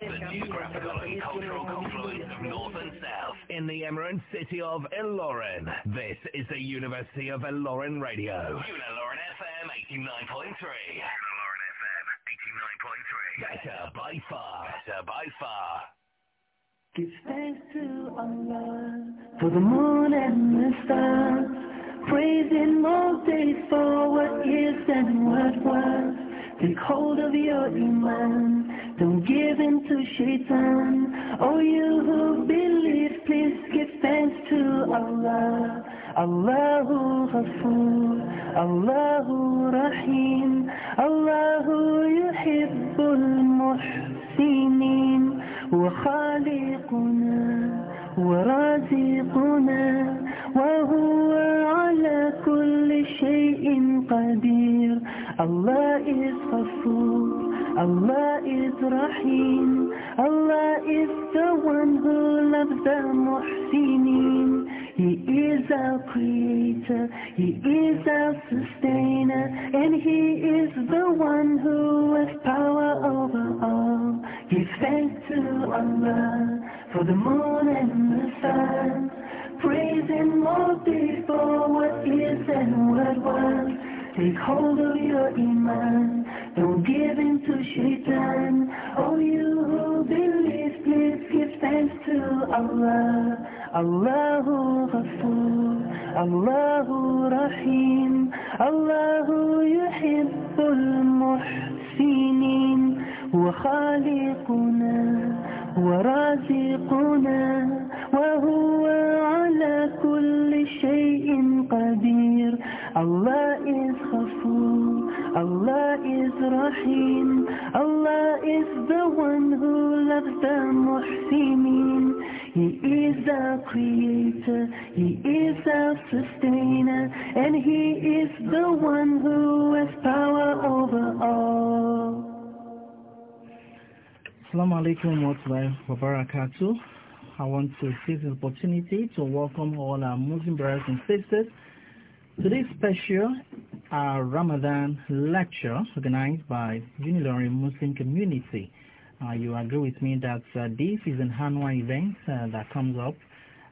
The geographical and cultural confluence of North and South in the Emerald City of Elorin. This is the University of Elorin Radio. Unilorin FM 89.3. Unilorin FM 89.3. Better by far. Better by far. Give thanks to Allah for the moon and the stars. Praise Praising all day for what is and what was. Take hold of your iman. Don't give in to shaitan. Oh, you who believe, please give thanks to Allah. Allahu Ghafoor, Allahu Rahim, Allahu Yuhibbul Muhsinin. Raziquna, ورازقنا وهو على كل شيء قدير Allah is Ghafoor. Allah is Rahim, Allah is the one who loves the muhsinin. He is our creator, He is our sustainer, and He is the one who has power over all. Give thanks to Allah for the moon and the sun, praise Him before for what is and what was take hold of your iman. Don't give in to shaitan. Oh, you who believe, please give thanks to Allah. Allahu Ghafoor, Allahu Rahim, Allahu Yuhibbul Muhsinin, wa khaliquna. ورازقنا وهو على كل شيء قدير Allah is Ghafur Allah is رحيم Allah is the one who loves the muhsinin He is the creator He is the sustainer And He is the one who has power over all Assalamu alaikum wa barakatuh. I want to take this opportunity to welcome all our Muslim brothers and sisters to this special uh, Ramadan lecture organized by Unilorin Muslim Community. Uh, you agree with me that uh, this is an annual event uh, that comes up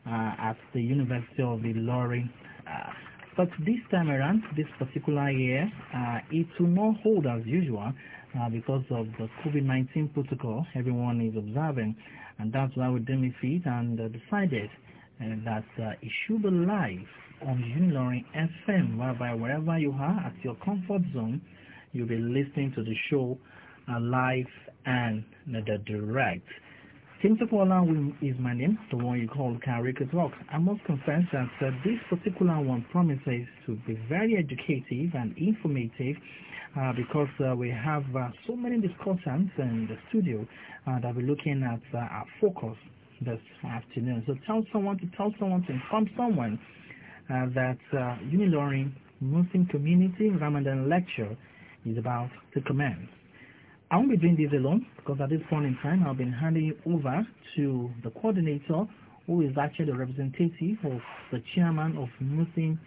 uh, at the University of Ilorin. Uh, but this time around, this particular year, it will not hold as usual uh, because of the COVID-19 protocol everyone is observing. And that's why we deemed it and uh, decided uh, that uh, it should be live on Unilorin FM, whereby wherever you are at your comfort zone, you'll be listening to the show uh, live and uh, the direct. Tim Topola is my name, the one you call Karika Talk. I must confess that uh, this particular one promises to be very educative and informative uh, because uh, we have uh, so many discussions in the studio uh, that we're looking at uh, our focus this afternoon. So tell someone to tell someone to inform someone that uh, Unilorin Muslim Community Ramadan Lecture is about to commence. I won't be doing this alone because at this point in time I've been handing it over to the coordinator who is actually the representative of the chairman of Muslim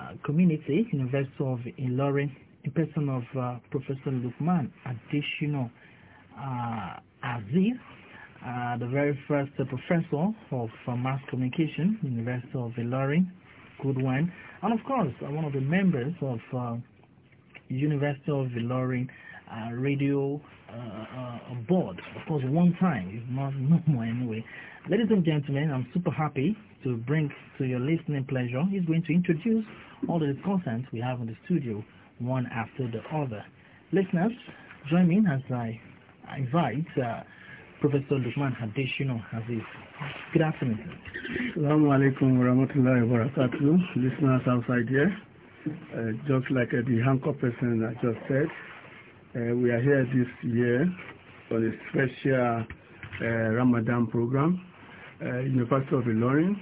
uh, Community, University of Ilorin the person of uh, Professor Lukman Additional uh, Aziz, uh, the very first uh, professor of uh, mass communication, University of Ilorin, good one, and of course uh, one of the members of uh, University of Ilorin radio board. Of course, one time, if not no more anyway. Ladies and gentlemen, I'm super happy to bring to your listening pleasure. He's going to introduce all the content we have in the studio one after the other. Listeners, join me as I invite uh, Professor Lukman Hadishino Aziz. Good afternoon. Assalamu alaikum warahmatullahi wabarakatuh. Listeners outside here, uh, just like uh, the Hancock person I just said, uh, we are here this year for the special uh, Ramadan program. Uh, University of Ilorin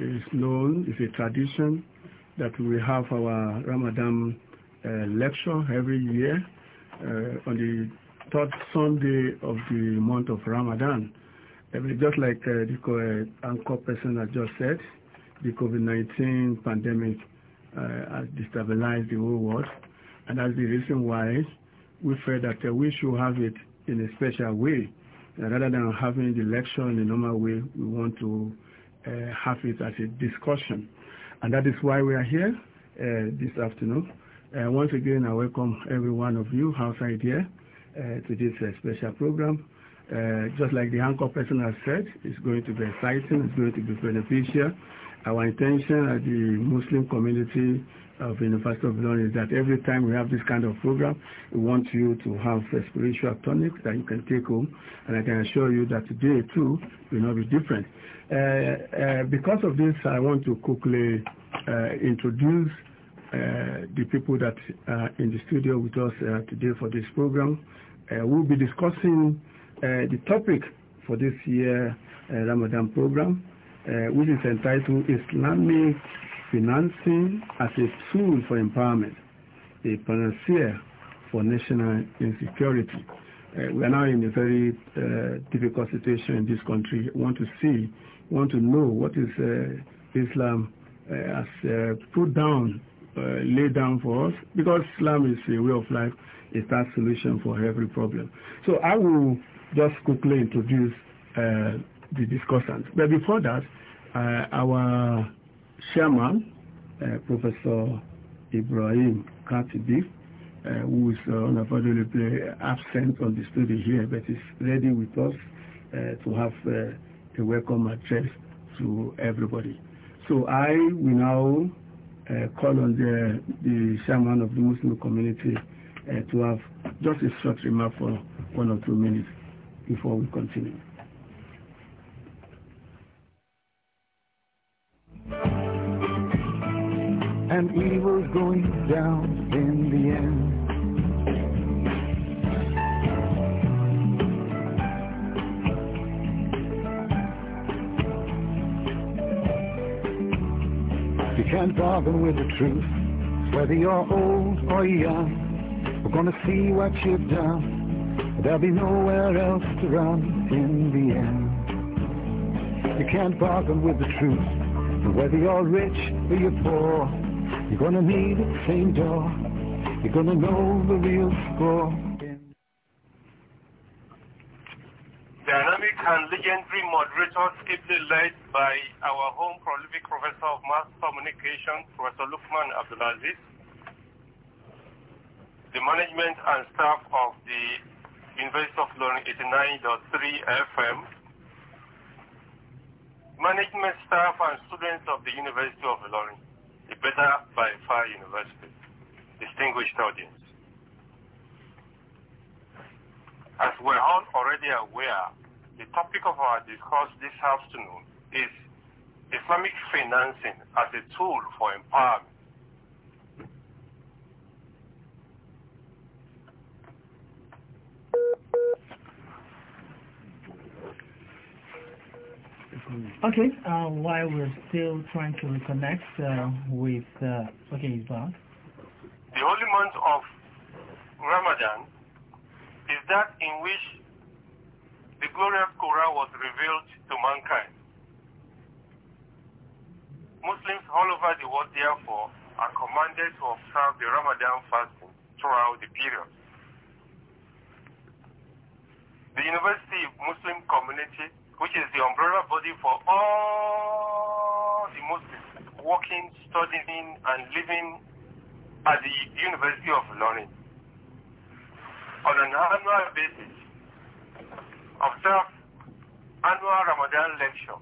is known, it's a tradition that we have our Ramadan uh, lecture every year uh, on the third Sunday of the month of Ramadan. just like uh, the anchor person has just said, the COVID-19 pandemic has destabilized the whole world. And that's the reason why we felt that we should have it in a special way. rather than having the lecture in a normal way, we want to have it as a discussion. And that is why we are here this afternoon uh, once again, I welcome every one of you outside here uh, to this uh, special program. Uh, just like the anchor person has said, it's going to be exciting, it's going to be beneficial. Our intention at the Muslim community of University of London is that every time we have this kind of program, we want you to have a spiritual tonic that you can take home. And I can assure you that today too will not be different. Uh, uh, because of this, I want to quickly introduce uh, the people that are in the studio with us uh, today for this program. Uh, we'll be discussing the topic for this year Ramadan program, which is entitled Islamic Financing as a Tool for Empowerment, a Panacea for National Insecurity. Uh, we are now in a very uh, difficult situation in this country. We want to see, want to know what is uh, Islam has put down uh, laid down for us because Islam is a way of life, it's that solution for every problem. So I will just quickly introduce uh, the discussants. But before that, uh, our chairman, uh, Professor Ibrahim Katibif, uh, who is unfortunately absent on the study here, but is ready with us to have a welcome address to everybody. So I will now uh, call on the, the chairman of the Muslim community uh, to have just a short remark for one or two minutes before we continue. And evil's going down in the end. can't bargain with the truth. Whether you're old or young, we're gonna see what you've done. There'll be nowhere else to run in the end. You can't bargain with the truth. And whether you're rich or you're poor, you're gonna need the same door. You're gonna know the real score. dynamic and legendary moderator ably led by our home prolific professor of mass communication, Professor Lukman Abdulaziz, the management and staff of the University of Learning 89.3 FM, management staff and students of the University of Learning, the Better by Far University, distinguished audience. As we're all already aware, the topic of our discourse this afternoon is Islamic financing as a tool for empowerment. Okay, uh, while we're still trying to reconnect uh, with, uh, okay, he's back. The holy month of Ramadan is that in which the glorious Quran was revealed to mankind. Muslims all over the world, therefore, are commanded to observe the Ramadan fasting throughout the period. The University Muslim Community, which is the umbrella body for all the Muslims working, studying, and living at the University of Learning, on an annual basis, Observe annual Ramadan lecture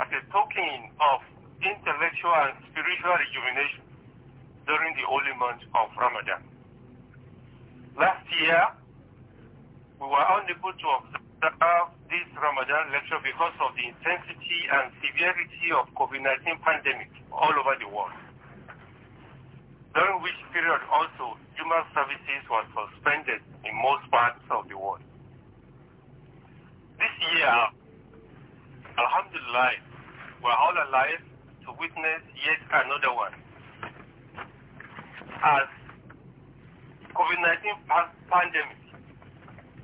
as a token of intellectual and spiritual rejuvenation during the holy month of Ramadan. Last year, we were unable to observe this Ramadan lecture because of the intensity and severity of COVID-19 pandemic all over the world, during which period also human services were suspended in most parts of the world. This year, Alhamdulillah, we're all alive to witness yet another one. As COVID-19 pandemic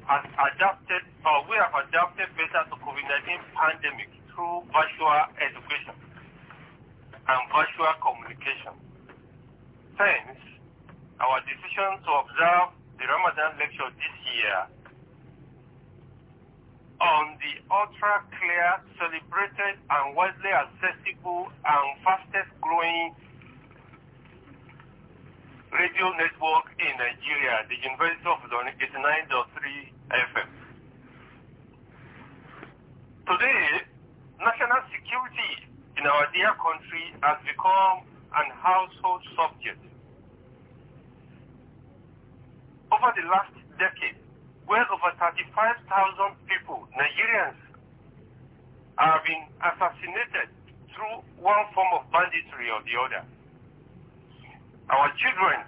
has adapted, or we have adapted better to COVID-19 pandemic through virtual education and virtual communication. Hence, our decision to observe the Ramadan lecture this year on the ultra clear, celebrated, and widely accessible and fastest growing radio network in Nigeria, the University of London 89.3 FM. Today, national security in our dear country has become an household subject. Over the last decade, where over 35,000 people, Nigerians, are being assassinated through one form of banditry or the other. Our children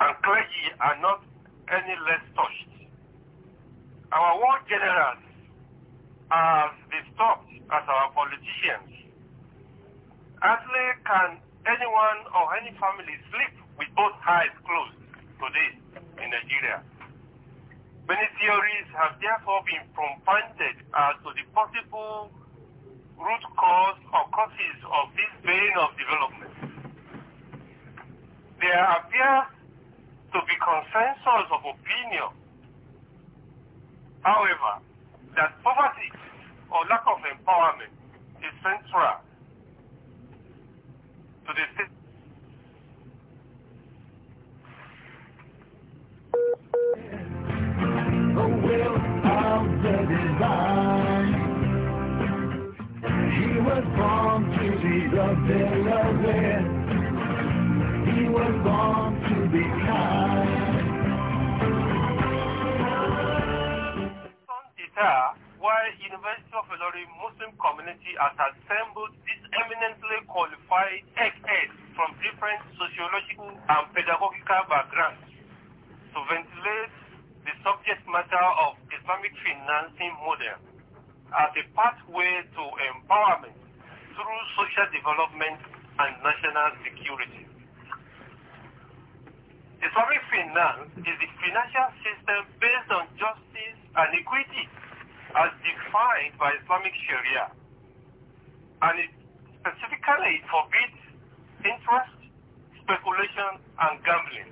and clergy are not any less touched. Our war generals are as stopped as our politicians. Hardly can anyone or any family sleep with both eyes closed today in Nigeria. Many theories have therefore been propounded as to the possible root cause or causes of this vein of development. There appears to be consensus of opinion, however, that poverty or lack of empowerment is central to the state. Delaware. He while University of Illinois Muslim community has assembled this eminently qualified ex-heads from different sociological and pedagogical backgrounds to ventilate the subject matter of Islamic financing model as a pathway to empowerment through social development and national security. Islamic finance is the financial system based on justice and equity as defined by Islamic Sharia. And it specifically forbids interest, speculation, and gambling.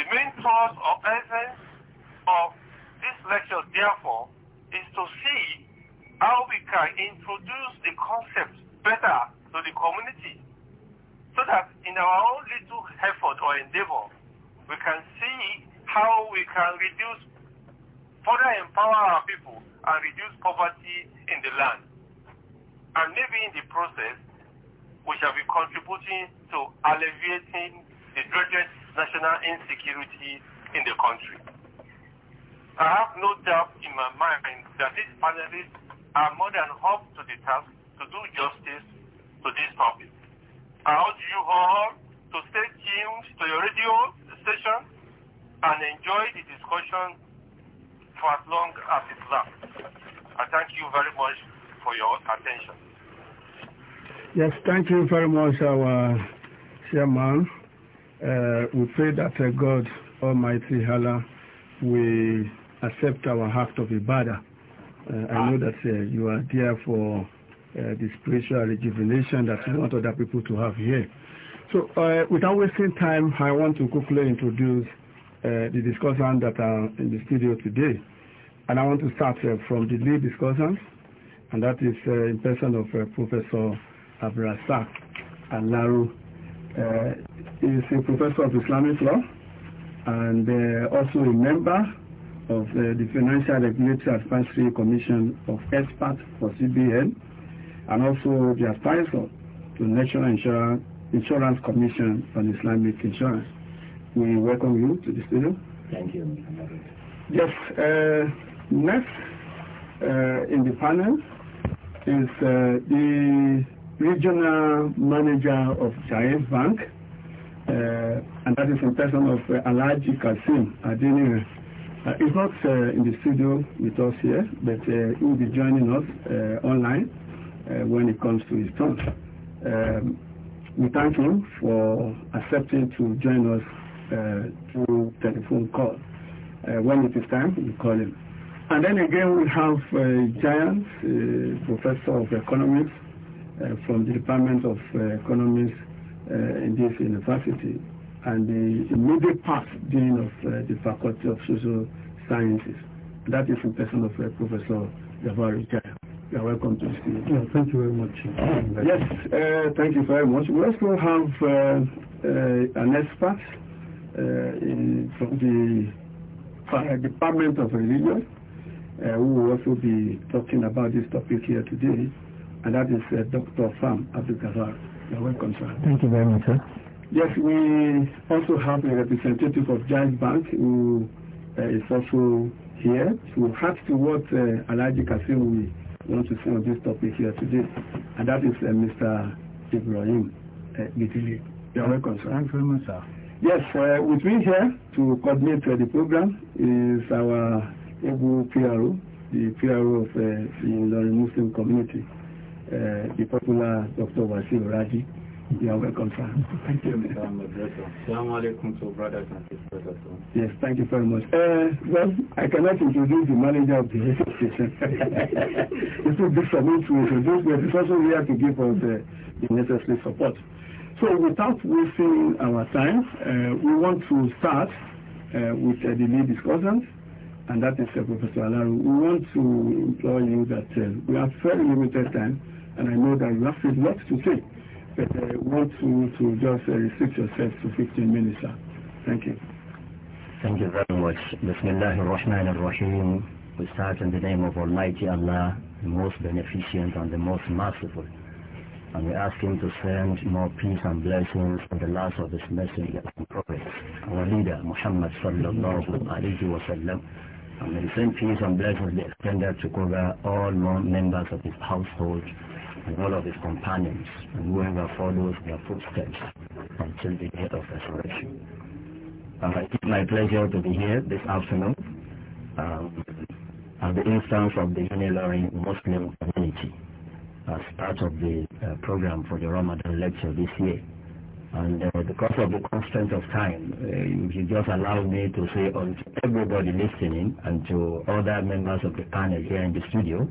The main thrust or essence of this lecture, therefore, is to see how we can introduce the concept better to the community so that in our own little effort or endeavor, we can see how we can reduce, further empower our people and reduce poverty in the land. And maybe in the process, we shall be contributing to alleviating the dreaded national insecurity in the country. I have no doubt in my mind that this panelist are more than up to the task to do justice to this topic. I urge you all to stay tuned to your radio station and enjoy the discussion for as long as it lasts. I thank you very much for your attention. Yes, thank you very much, our chairman. Uh, we pray that uh, God Almighty Allah will accept our act of ibadah uh, I know that uh, you are there for uh, the spiritual rejuvenation that we want other people to have here. So uh, without wasting time, I want to quickly introduce uh, the discussant that are in the studio today. And I want to start uh, from the lead discussant, and that is uh, in person of uh, Professor Abraza Alaru. Uh, he is a professor of Islamic law and also a member of uh, the Financial Regulatory Advisory Commission of Experts for CBN and also the advisor to National Insurance, Insurance Commission on Islamic Insurance. We welcome you to the studio. Thank you. Yes, uh, next uh, in the panel is uh, the regional manager of Giant Bank, uh, and that is in person of uh, Alaji Kasim Adinir. Uh, he's not uh, in the studio with us here, but uh, he'll be joining us uh, online uh, when it comes to his talk. Um, we thank him for accepting to join us uh, through telephone call. when it is time, we call him. And then again, we have uh, Giant, professor of economics from the Department of Economics in this university and the immediate past dean of uh, the Faculty of Social Sciences. That is in person of uh, Professor Javari Jaya. You are welcome to speak. Yeah, thank you very much. yes, uh, thank you very much. We also have uh, uh, an expert uh, in, from the Department of Religion who will also be talking about this topic here today, and that is Dr. Sam Abdul Gazar. You are welcome, sir. Thank you very much, sir. Yes, we also have a representative of Giant Bank who uh, is also here. So heart to what uh, Alaji Kasim we want to say on this topic here today, and that is uh, Mr. Ibrahim uh, Gitili. You're welcome, sir. very much, sir. Yes, uh, with me here to coordinate uh, the program is our Ebu PRO, the PRO of uh, the Muslim community, uh, the popular Dr. Wasil Raji. You are welcome, sir. Thank you. Assalamualaikum to brothers and sisters. Yes, thank you very much. Uh, well, I cannot introduce the manager of the station. it would be for me to introduce, but it's also here to give us the, the necessary support. So without wasting our time, uh, we want to start uh, with uh, the lead discussant, and that is uh, Professor Alaru. We want to implore you that uh, we have very limited time, and I know that you have a lot to say but I want you to just uh, restrict yourself to 15 minutes. Sir. Thank you. Thank you very much. Bismillah ar-Rahman rahim We start in the name of Almighty Allah, the most beneficent and the most merciful. And we ask him to send more peace and blessings on the last of his messenger and prophet, our leader, Muhammad sallallahu alaihi wasallam, And may the same peace and blessings be extended to cover all members of his household and all of his companions and whoever follows their footsteps until the day of resurrection. Uh, it is my pleasure to be here this afternoon um, at the instance of the Uniloring Muslim community as part of the uh, program for the Ramadan lecture this year. And uh, because of the constraint of time, uh, you just allow me to say to everybody listening and to other members of the panel here in the studio,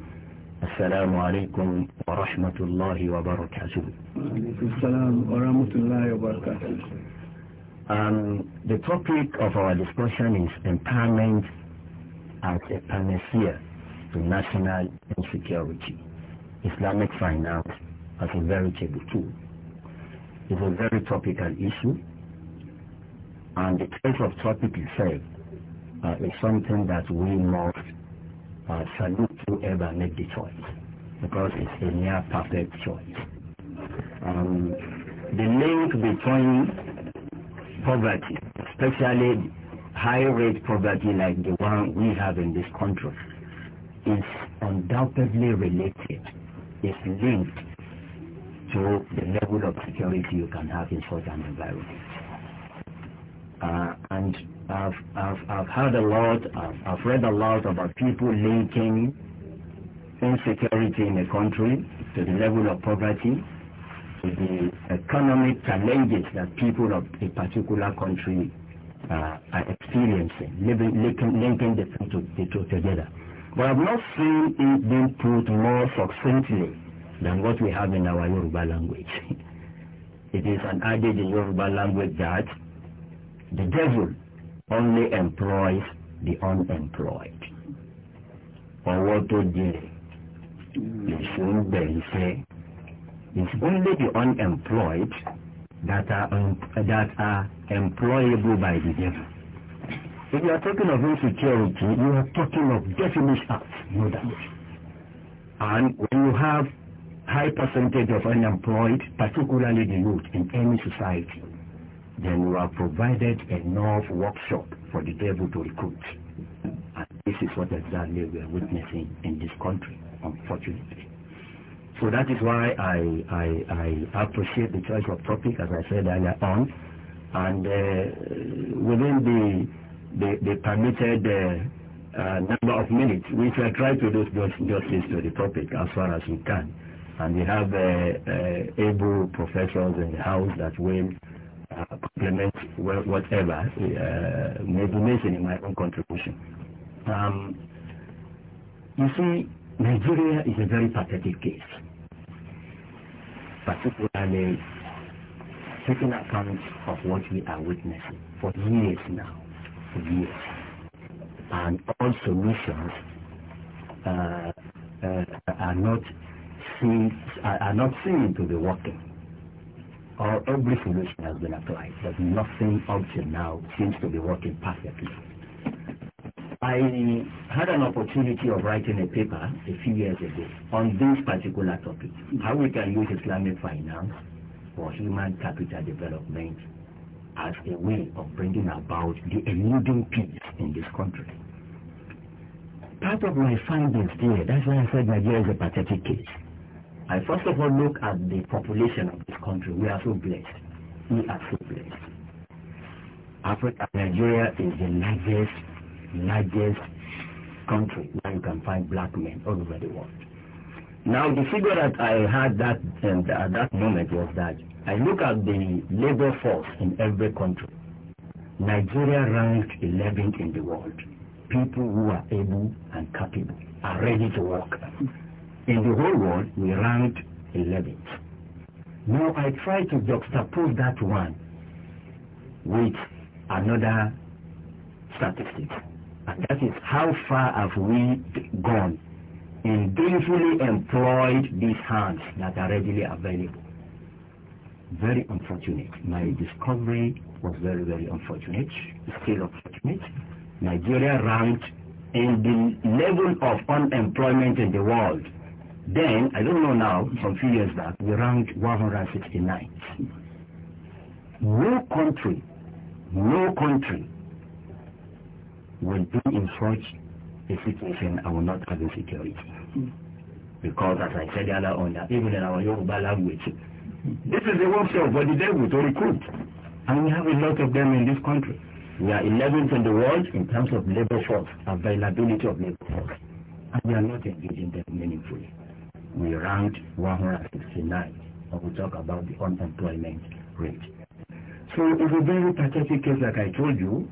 السلام عليكم ورحمة الله وبركاته السلام ورحمة الله وبركاته um, The topic of our discussion is empowerment as a panacea to national insecurity. Islamic finance as a veritable tool. It's a very topical issue and the type of topic itself uh, is something that we must uh, not whoever make the choice because it's a near perfect choice. Um, the link between poverty, especially high rate poverty like the one we have in this country, is undoubtedly related, is linked to the level of security you can have in such an environment. Uh, and I've, I've, I've heard a lot, I've, I've read a lot about people linking insecurity in the country to the level of poverty, to the economic challenges that people of a particular country uh, are experiencing, linking, linking the two, the two together. But I've not seen it being put more succinctly than what we have in our Yoruba language. it is an adage in Yoruba language that the devil only employs the unemployed ọwọ́ tó do you mm. ń bẹ̀rẹ̀ say it's only the unemployed that are um, that are employable by the devil. If you are talking of insecurity, you are talking of definite acts, no doubt. And when you have high percentage of unemployed, particularly the youth in any society, then we have provided enough workshop for the devil to recruit. And this is what exactly we are witnessing in this country, unfortunately. So that is why I, I, I appreciate the choice of topic, as I said earlier on. And uh, within the, the, the permitted uh, uh, number of minutes, we shall try to do justice to the topic as far as we can. And we have uh, uh, able professors in the house that will uh, complement whatever uh, may be mentioned in my own contribution. Um, you see, Nigeria is a very pathetic case, particularly taking account of what we are witnessing for years now, for years, and all solutions uh, uh, are not seen are not seen to be working or every solution has been applied, but nothing up till now seems to be working perfectly. I had an opportunity of writing a paper a few years ago on this particular topic, how we can use Islamic finance for human capital development as a way of bringing about the eluding peace in this country. Part of my findings there, that's why I said Nigeria is a pathetic case I first of all look at the population of this country. We are so blessed. We are so blessed. Africa, Nigeria is the largest, largest country where you can find black men all over the world. Now, the figure that I had that and at uh, that moment was that I look at the labor force in every country. Nigeria ranked 11th in the world. People who are able and capable are ready to work. In the whole world, we ranked 11th. Now I try to juxtapose that one with another statistic. And that is how far have we gone in gainfully employed these hands that are readily available. Very unfortunate. My discovery was very, very unfortunate. Still unfortunate. Nigeria ranked in the level of unemployment in the world then, I don't know now, some few years back, we ranked 169. No country, no country will be in such a situation and will not have security. Because as I said earlier on, even in our Yoruba language, this is the workshop for the devil to recruit. And we have a lot of them in this country. We are 11th in the world in terms of labor force, availability of labor force. And we are not engaging them meaningfully we ranked 169 when we talk about the unemployment rate. So it's a very pathetic case like I told you,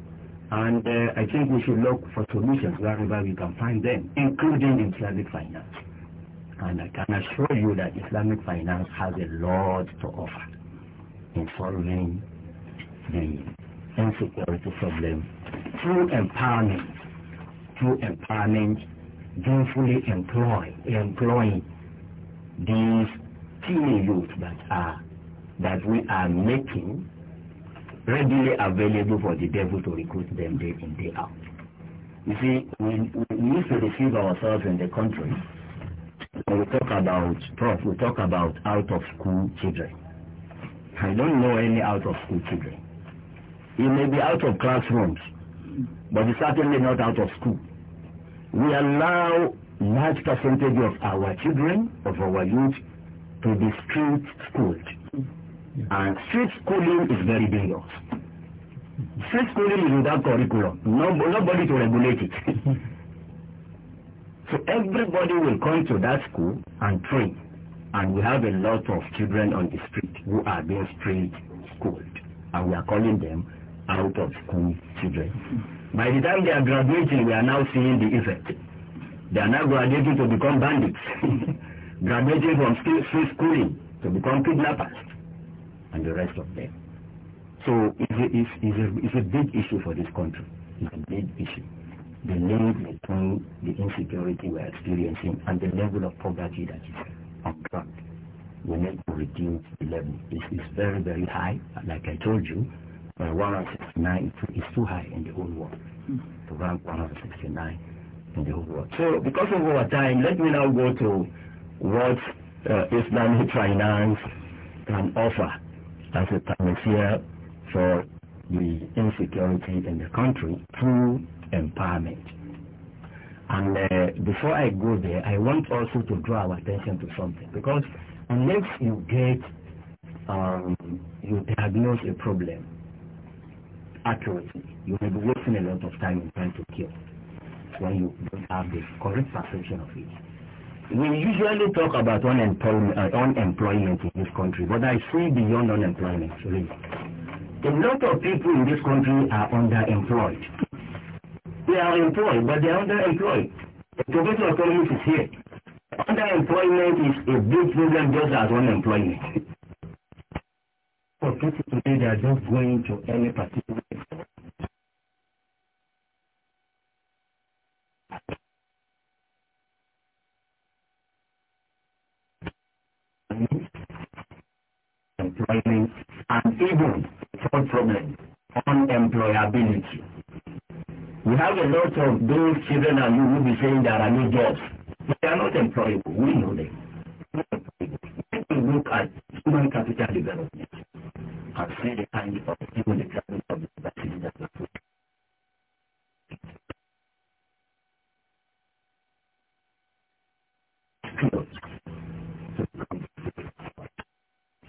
and uh, I think we should look for solutions wherever we can find them, including Islamic finance. And I can assure you that Islamic finance has a lot to offer in solving the insecurity problem through empowerment, through empowerment, gainfully employ, employing these puny youth that are that we are making readily available for the devil to recruit them day in day out. You see, we, we used to receive ourselves in the country. When we talk about prof, we talk about out of school children. I don't know any out of school children. He may be out of classrooms, but he's certainly not out of school. We allow large percentage of our children, of our youth, to be street schooled. Yeah. And street schooling is very dangerous. Street schooling is without curriculum. No, nobody to regulate it. so everybody will come to that school and train. And we have a lot of children on the street who are being street schooled. And we are calling them out of school children. By the time they are graduating, we are now seeing the effect. They are now graduating to become bandits, graduating from free schooling to become kidnappers, and the rest of them. So it's a, it's, it's, a, it's a big issue for this country. It's a big issue. The link between the insecurity we're experiencing and the level of poverty that is on track. We need to reduce the level. It is very, very high. Like I told you, uh, 169 is too high in the whole world. To rank 169 in the whole world. So because of our time, let me now go to what uh, Islamic finance can offer as a panacea for the insecurity in the country through empowerment. And uh, before I go there, I want also to draw our attention to something because unless you get, um, you diagnose a problem accurately, you may be wasting a lot of time in trying to cure when you don't have the correct perception of it. We usually talk about unemployment, uh, unemployment in this country, but I see beyond unemployment, really. A lot of people in this country are underemployed. They are employed, but they are underemployed. The professor economics is here. Underemployment is a big problem just as unemployment. For people today, they are just going to any particular employment and even third problem, unemployability. We have a lot of those children and you will be saying there are no jobs. They are not employable. We know them. When we look at human capital development and see the kind of people of the that we have.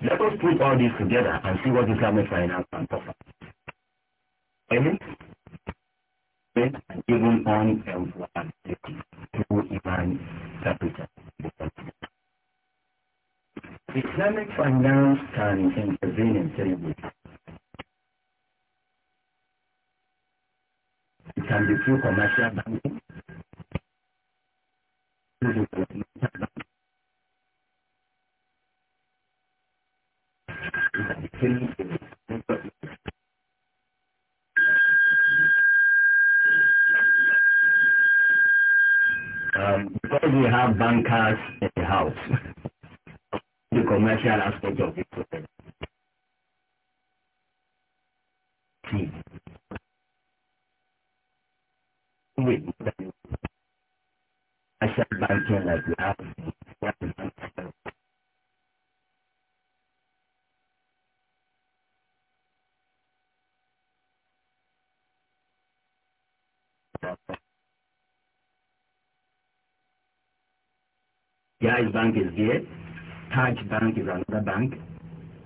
Let us put all this together and see what Islamic finance can offer. Amen? Even on employment through Iman capital. Islamic finance can intervene in three ways. It can be through commercial banking, bank.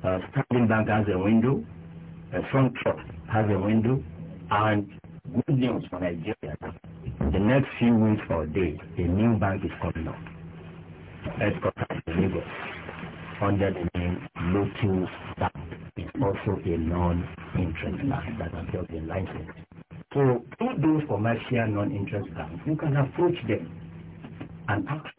Uh, Standing Bank has a window. Uh, Front Truck has a window. And good news for Nigeria. The next few weeks or days, a new bank is coming up. Headquarters in Lagos under the name Lotus Bank. It's also a non-interest bank that has got a license. So through those commercial non-interest banks, you can approach them and ask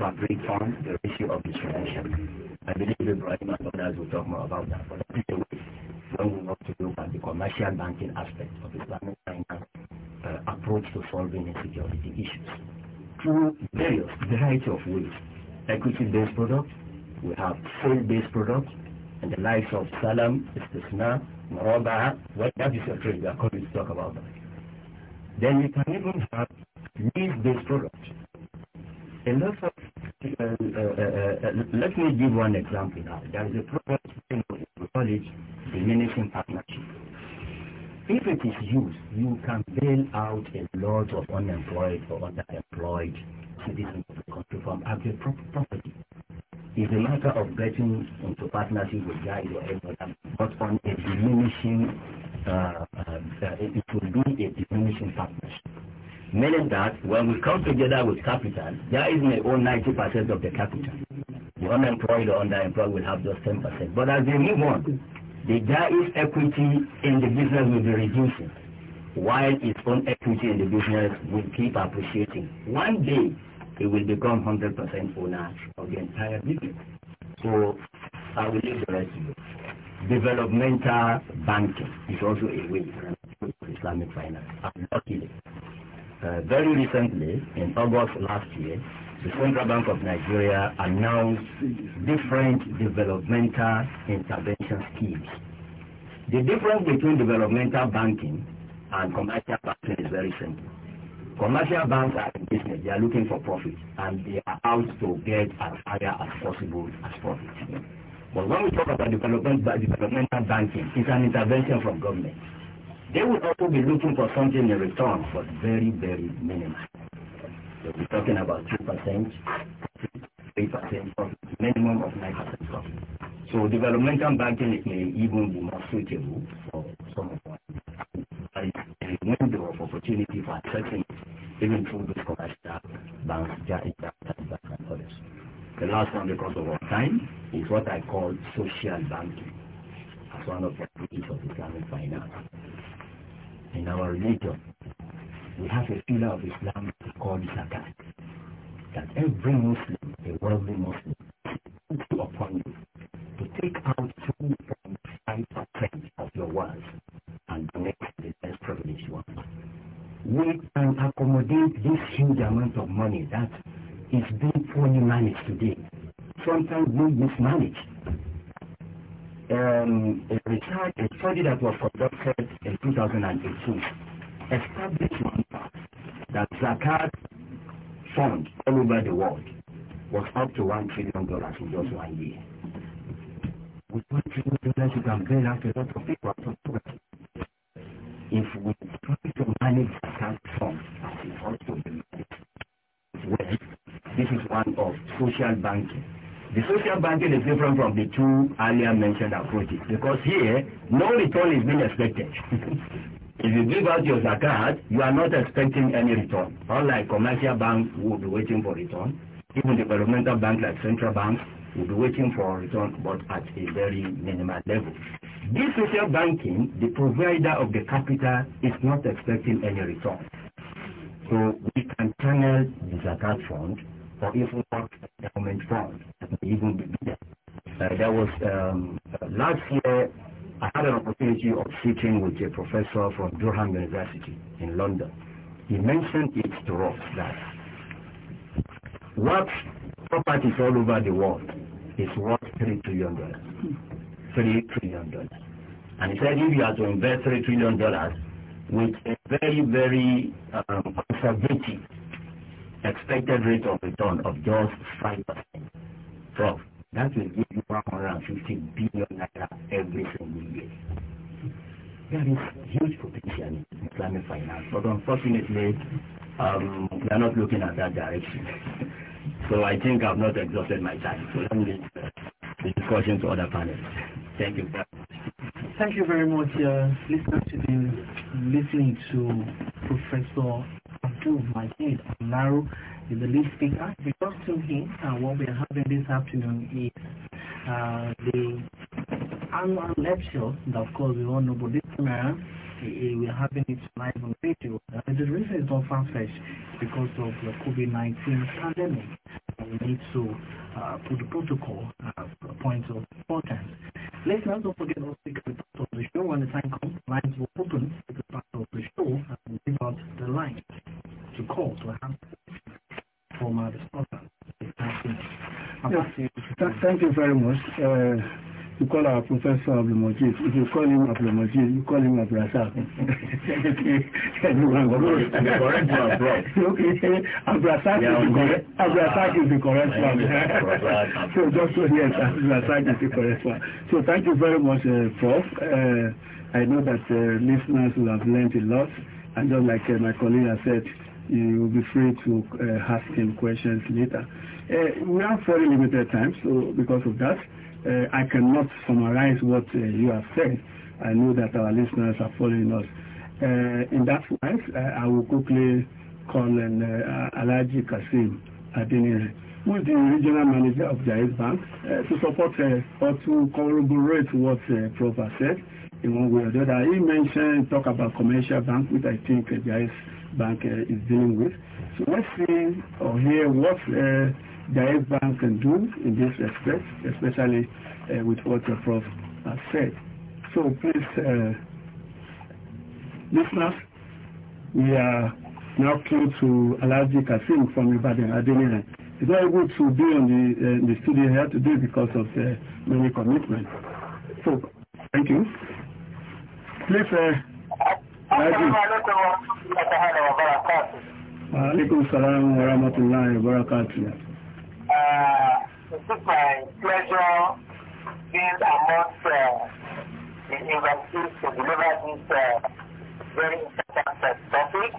about green farms, the ratio of distribution. I believe Ibrahim and others will talk more about that, but that is the way will to look at the commercial banking aspect of Islamic finance uh, approach to solving insecurity issues. Through various variety of ways, equity-based products, we have sale-based products, and the likes of Salam, Istisna, Marabaha, well, that is a trade, we are going to talk about that. Then we can even have needs-based products, in lots of, uh, let me give one example now. There is a program in college, diminishing Partnership. If it is used, you can bail out a lot of unemployed or underemployed citizens of the country from having property. It's a matter of getting into partnership with guys or everyone, but on a diminishing, uh, uh, uh, it will be a diminishing partnership meaning that when we come together with capital, there is may own 90% of the capital. The unemployed or underemployed will have just 10%. But as they move on, the guy's equity in the business will be reducing, while its own equity in the business will keep appreciating. One day, it will become 100% owner of the entire business. So I will leave the rest to you. Developmental banking is also a way for Islamic finance, Luckily. Uh, very recently, in August last year, the Central Bank of Nigeria announced different developmental intervention schemes. The difference between developmental banking and commercial banking is very simple. Commercial banks are in business, they are looking for profit, and they are out to get as high as possible as profit. But when we talk about development, developmental banking, it's an intervention from government they would also be looking for something in return, but very, very minimal. So we're talking about 2%, 3% profit, minimum of 9% profit. So developmental banking may even be more suitable for some of us. it's a window of opportunity for accessing even through this commercial banks, and others. The last one, because of our time, is what I call social banking. It's one of the beauties of Islamic finance. In our religion, we have a pillar of Islam called Zakat. That every Muslim, a worldly Muslim, puts upon you to take out 2.5% of your wealth and donate to the less privileged want. We can accommodate this huge amount of money that is being poorly managed today. Sometimes we mismanage um, a, research, a study that was conducted in 2018 established that Zakat fund all over the world was up to $1 trillion in just one year. With $1 trillion, you can bail out a lot of people out of poverty. If we try to manage Zakat funds as it ought to be managed, well, this is one of social banking the social banking is different from the two earlier mentioned approaches because here, no return is being expected. if you give out your zakat, you are not expecting any return. Unlike commercial banks who will be waiting for return, even developmental banks like central banks will be waiting for return but at a very minimal level. This social banking, the provider of the capital is not expecting any return. So we can channel the zakat fund or even what the government funds even uh, there. Uh, was um, last year I had an opportunity of sitting with a professor from Durham University in London. He mentioned it to us that what properties all over the world is worth three trillion dollars. Three trillion dollars. And he said if you are to invest three trillion dollars with a very, very um, conservative expected rate of return of just 5%. Prof, that will give you 150 billion naira every single year. There is huge potential in climate finance, but unfortunately, um, we are not looking at that direction. so I think I've not exhausted my time. So let me leave uh, the discussion to other panelists. Thank you. Thank you very much, uh, listeners, to the, listening to Professor tools like my and narrow is the lead speaker. Because to him, and what we are having this afternoon is uh, the annual lecture that of course we all know, but this time around, we're having it live on radio. And the reason is not far-fetched because of the COVID-19 pandemic. We need to uh, put the protocol uh, points of importance. Let's not forget also the part of the show when the time comes, lines will open to the part of the show and give out to call to have from our disposal. Thank you very much. Uh, you call our professor Abdulmajid. If you call him Abdulmajid, you call him Abrasaf. Everyone correct is, correct. Abrasaf is the correct one. so just so yes, Abrasaf is the correct one. So thank you very much, uh, Prof. Uh, I know that uh, listeners will have learned a lot. And just like uh, my colleague has said, you will be free to uh, ask him questions later. Uh, we have very limited time, so because of that, uh, I cannot summarize what uh, you have said. I know that our listeners are following us. Uh, in that wise, uh, I will quickly call on Alaji Kasim Adinir, who is the regional manager of Jaiz Bank, to support or to corroborate what uh, Prof said in one way or the other. He mentioned, talk about commercial bank, which I think uh, Jaiz Bank uh, is dealing with. So let's see or hear what uh, Direct Bank can do in this respect, especially uh, with what the Prof has said. So please, uh, listeners, we are now close to Alaji Kasim from Ibadan, i He's not able to be on the, uh, the studio here today because of uh, many commitments. So, thank you. Please, uh, Alaji. Wa alaikum salam wa rahmatullahi wa barakatuh. Uh, my pleasure being amongst uh, the invitees to deliver this uh, very important topic.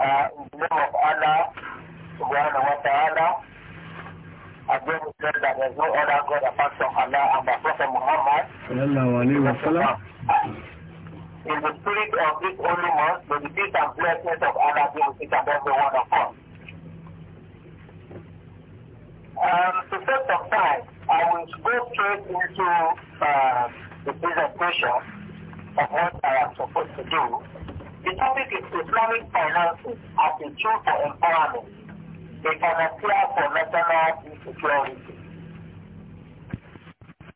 Uh, in the name of Allah, subhanahu wa ta'ala, again we said that there is no other God apart from Allah and the Prophet Muhammad. Sallallahu alayhi wa sallam in the spirit of this holy month, may the peace and blessings of Allah be with each and every one of us. Um, to save some time, I will go straight into uh, the presentation of what I am supposed to do. The topic is Islamic finances as a tool for empowerment, a financial for national insecurity.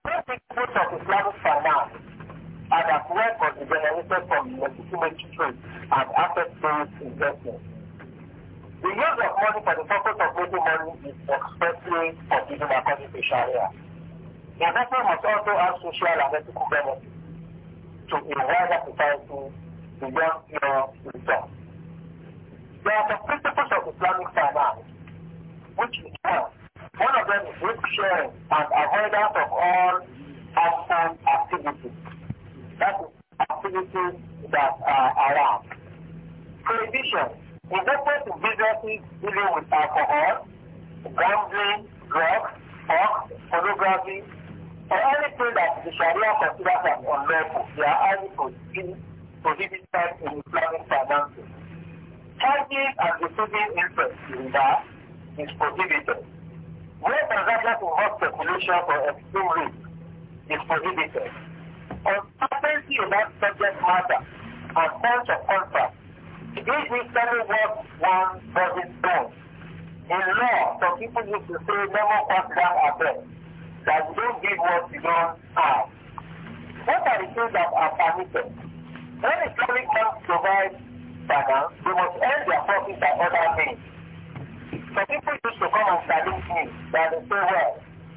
What is the of Islamic finance? and that is generated from legitimate trade and asset-based investment. The use of money for the purpose of making money is expressly forbidden according to Sharia. Investment must also have social and ethical benefits to a wider society beyond pure return. There are some principles of Islamic finance, which in turn, One of them is risk sharing and avoidance of all harmful activities. That is activities that are uh, allowed. Prohibition. In refer to businesses dealing with alcohol, gambling, drugs, or pornography, or anything that the Sharia considers as unlawful. They are highly prohibited in Islamic finances. Charging and receiving interest in that is prohibited. No transaction involves speculation or extreme risk is prohibited. Uncertainty that subject matter and bunch of contract. This is seven what one body does. In law, some people used to say never consider affairs, that you don't give what you don't have. What are the things that are permitted? When a Islamic banks provide finance, they must earn their profits by other means. Some people used to come and challenge me that they say, well,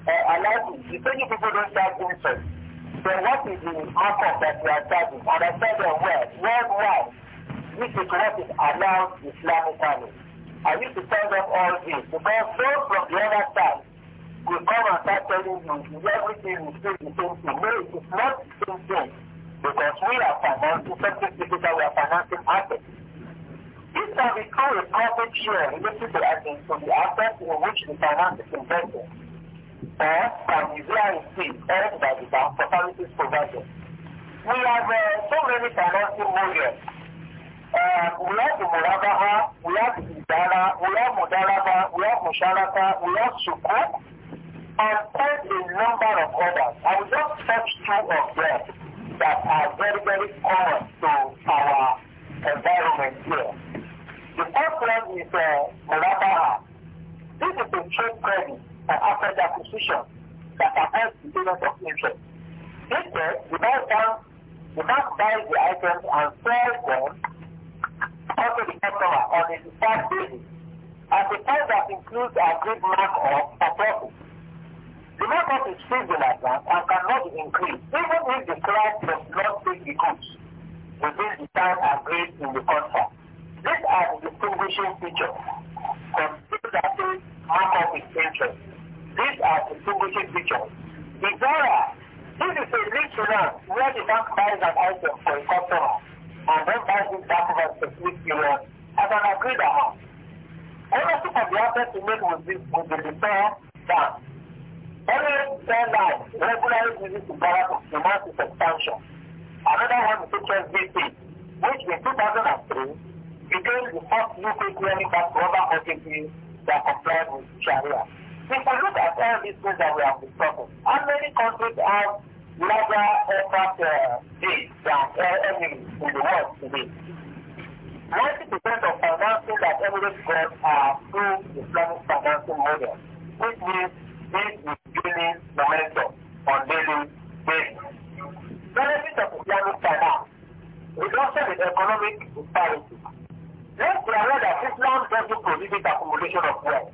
uh, I like it. You say people don't charge interest. So what is the markup that we are charging? Understand the word, worldwide, which is what is allowed Islamically. I used to tell them all this because those from the other side will come and start telling you everything is still the same thing. No, it is not the same thing because we are financing something physical, we are financing assets. This can be called a profit share related to the assets in which the finance is invested or by Israel state or by the bank for services provided. We have uh, so many financing models. Uh, we have the Murabaha, we have the Idara, we have Mudaraba, we have Musharaka, we have Sukuk, and quite a number of others. I will just touch two of them that are very, very common to our environment here. The first one is uh, Murabaha. This is a trade credit or outside the acquisition that affects the payment of interest. This we the them, we must buy the items and sell them onto the customer on a deferred basis at a price that includes a good markup for profit. The markup is fixed in advance and cannot be increased, even if the client does not take the goods within the time agreed in the contract. These are the distinguishing features from those that markup with interest. These are distinguishing features. Desire. This is a rich loan where the bank buys an item for a customer and then buys it back over a specific period at an agreed amount. Ownership of the asset to make with this would be the same bank. Only ten lines regularly uses to borrow its most expansion. Another one is HSBC, which in 2003 became the first UK clearing bank robber entity that complied with Sharia. We can look at all these things that we have discussed. How many countries have larger aircraft uh, than any in the world today? 90% of financing that Emirates got are through Islamic financing model, which means this is gaining momentum on daily basis. Benefit of Islamic finance, reduction in economic disparity. Let's be aware that Islam doesn't prohibit accumulation of wealth.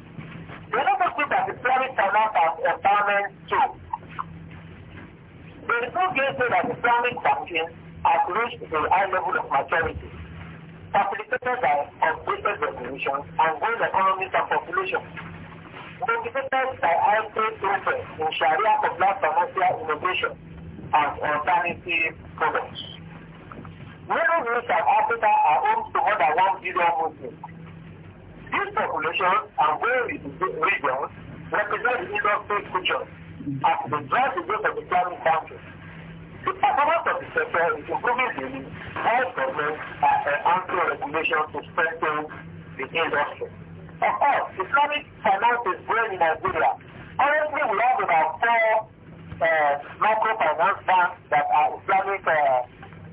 The another thing that Islamic finance of empowerment to. There is no great way that Islamic banking has reached the high level of maturity, facilitated by updated regulations and growing economies and population. Motivated by high state interest in Sharia compliant financial innovation and alternative products. Many roots of Africa are home to more than 1 billion Muslims. These populations are where in these regions represent the industry future as the drive to growth of the Islamic countries. The performance of the sector is improving the health government uh, anti regulation to strengthen the industry. Of course, Islamic finance is growing in Nigeria. Currently, we have about four uh, microfinance banks that are Islamic uh,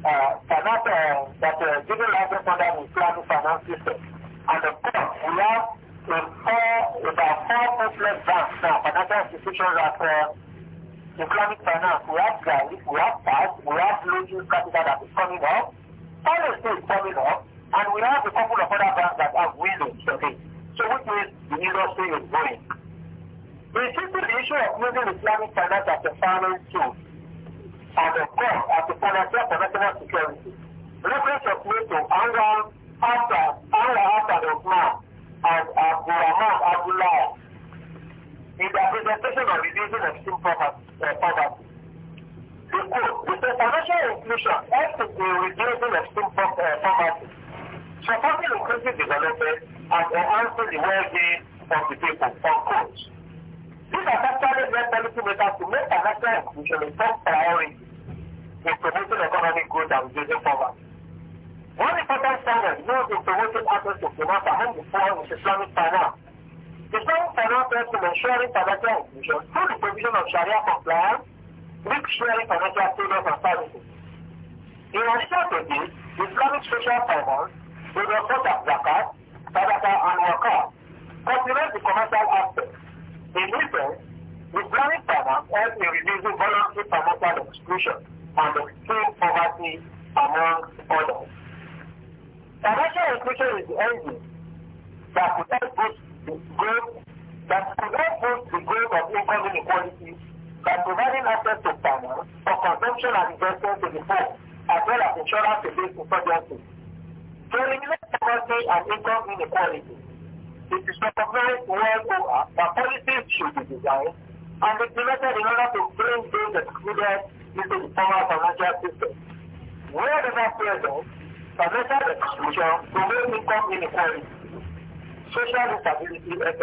uh, finance, uh, that are uh, giving license under the Islamic finance system. And of course, we have a four, about four Muslim banks now, financial institutions that uh, Islamic finance. We have Gali, we have Paz, we have Lodging Capital that is coming up. All is coming up, and we have a couple of other banks that have windows Okay, So which means the industry is going. We see the issue of using Islamic finance as a finance tool and of course as a financial for national security. Reference of NATO, Anwar, after, Anwar after the Osman, and Abdurrahman Abdullah in their presentation of the reason of extreme poverty. Uh, poverty. the quote, they financial inclusion helps in reducing extreme uh, poverty, supporting inclusive development and enhancing the well-being of the people, unquote. These are actually led policymakers to make financial inclusion a top priority in promoting economic growth and reducing poverty. One important standard used in the access to Kumasa and before is Islamic finance. Islamic finance helps in ensuring financial inclusion through the provision of Sharia compliance, risk sharing financial products and services. In addition to this, Islamic social finance the also of zakat, sadaqah, and wakaf, complement the commercial aspect. In this sense, Islamic finance helps in reducing voluntary financial exclusion and extreme poverty among others. Financial inclusion is the engine that protects the growth, that prevents both the growth of income inequality by providing access to finance for consumption and investment to the poor, as well as insurance against insurgency. To eliminate poverty and income inequality, it is recognized well over that policies should be designed and implemented in order to bring those excluded into the formal financial system. that present, perverted exclusion, prevailing income inequality, social instability, etc.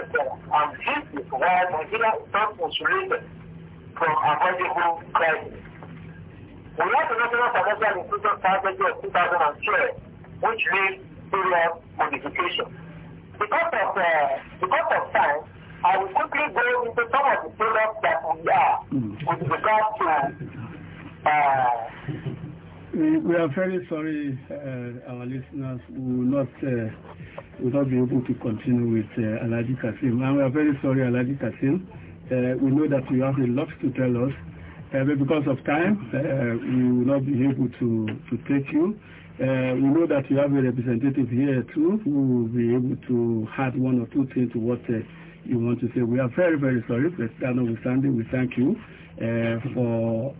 And this is why Nigeria is not insulated from avoidable crisis. We have the National Financial Inclusion Strategy of 2012, which needs serious modification. Because of, uh, because of time, I will quickly go into some of the products that we are with regard to uh, we, we are very sorry, uh, our listeners will not uh, will not be able to continue with uh, Alaji Kasim. And we are very sorry, Alaji Kasim. Uh, we know that you have a lot to tell us, uh, but because of time, uh, we will not be able to, to take you. Uh, we know that you have a representative here too who will be able to add one or two things to what uh, you want to say. We are very, very sorry, but notwithstanding, we thank you for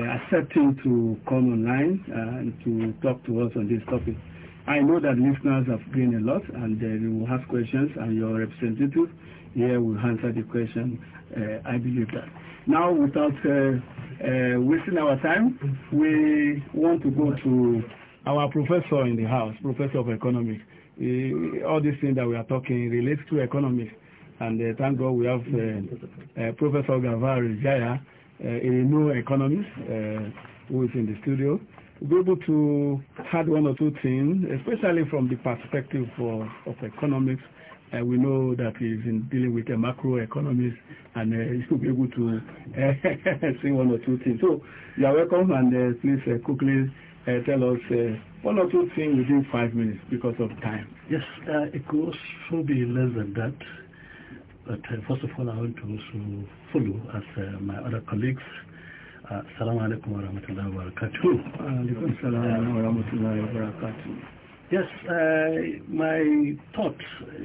accepting uh, to come online and uh, to talk to us on this topic. I know that listeners have gained a lot and they will have questions and your representative here will answer the question. Uh, I believe that. Now, without wasting our time, we want to go to our professor in the house, professor of economics. Uh, all these things that we are talking relates to economics. And uh, thank God we have uh, Professor Gavari Jaya uh, a renowned economist uh, who is in the studio, be able to add one or two things, especially from the perspective of, of economics. Uh, we know that he's in dealing with a macroeconomist and uh, he should be able to uh, one or two things. So you are welcome and uh, please uh, quickly uh, tell us one or two things within five minutes because of time. Yes, it goes should be less than that. But first of all, I want to also follow as uh, my other colleagues uh, Assalamu alaikum wa rahmatullahi wa barakatuh. Yes, uh, my thought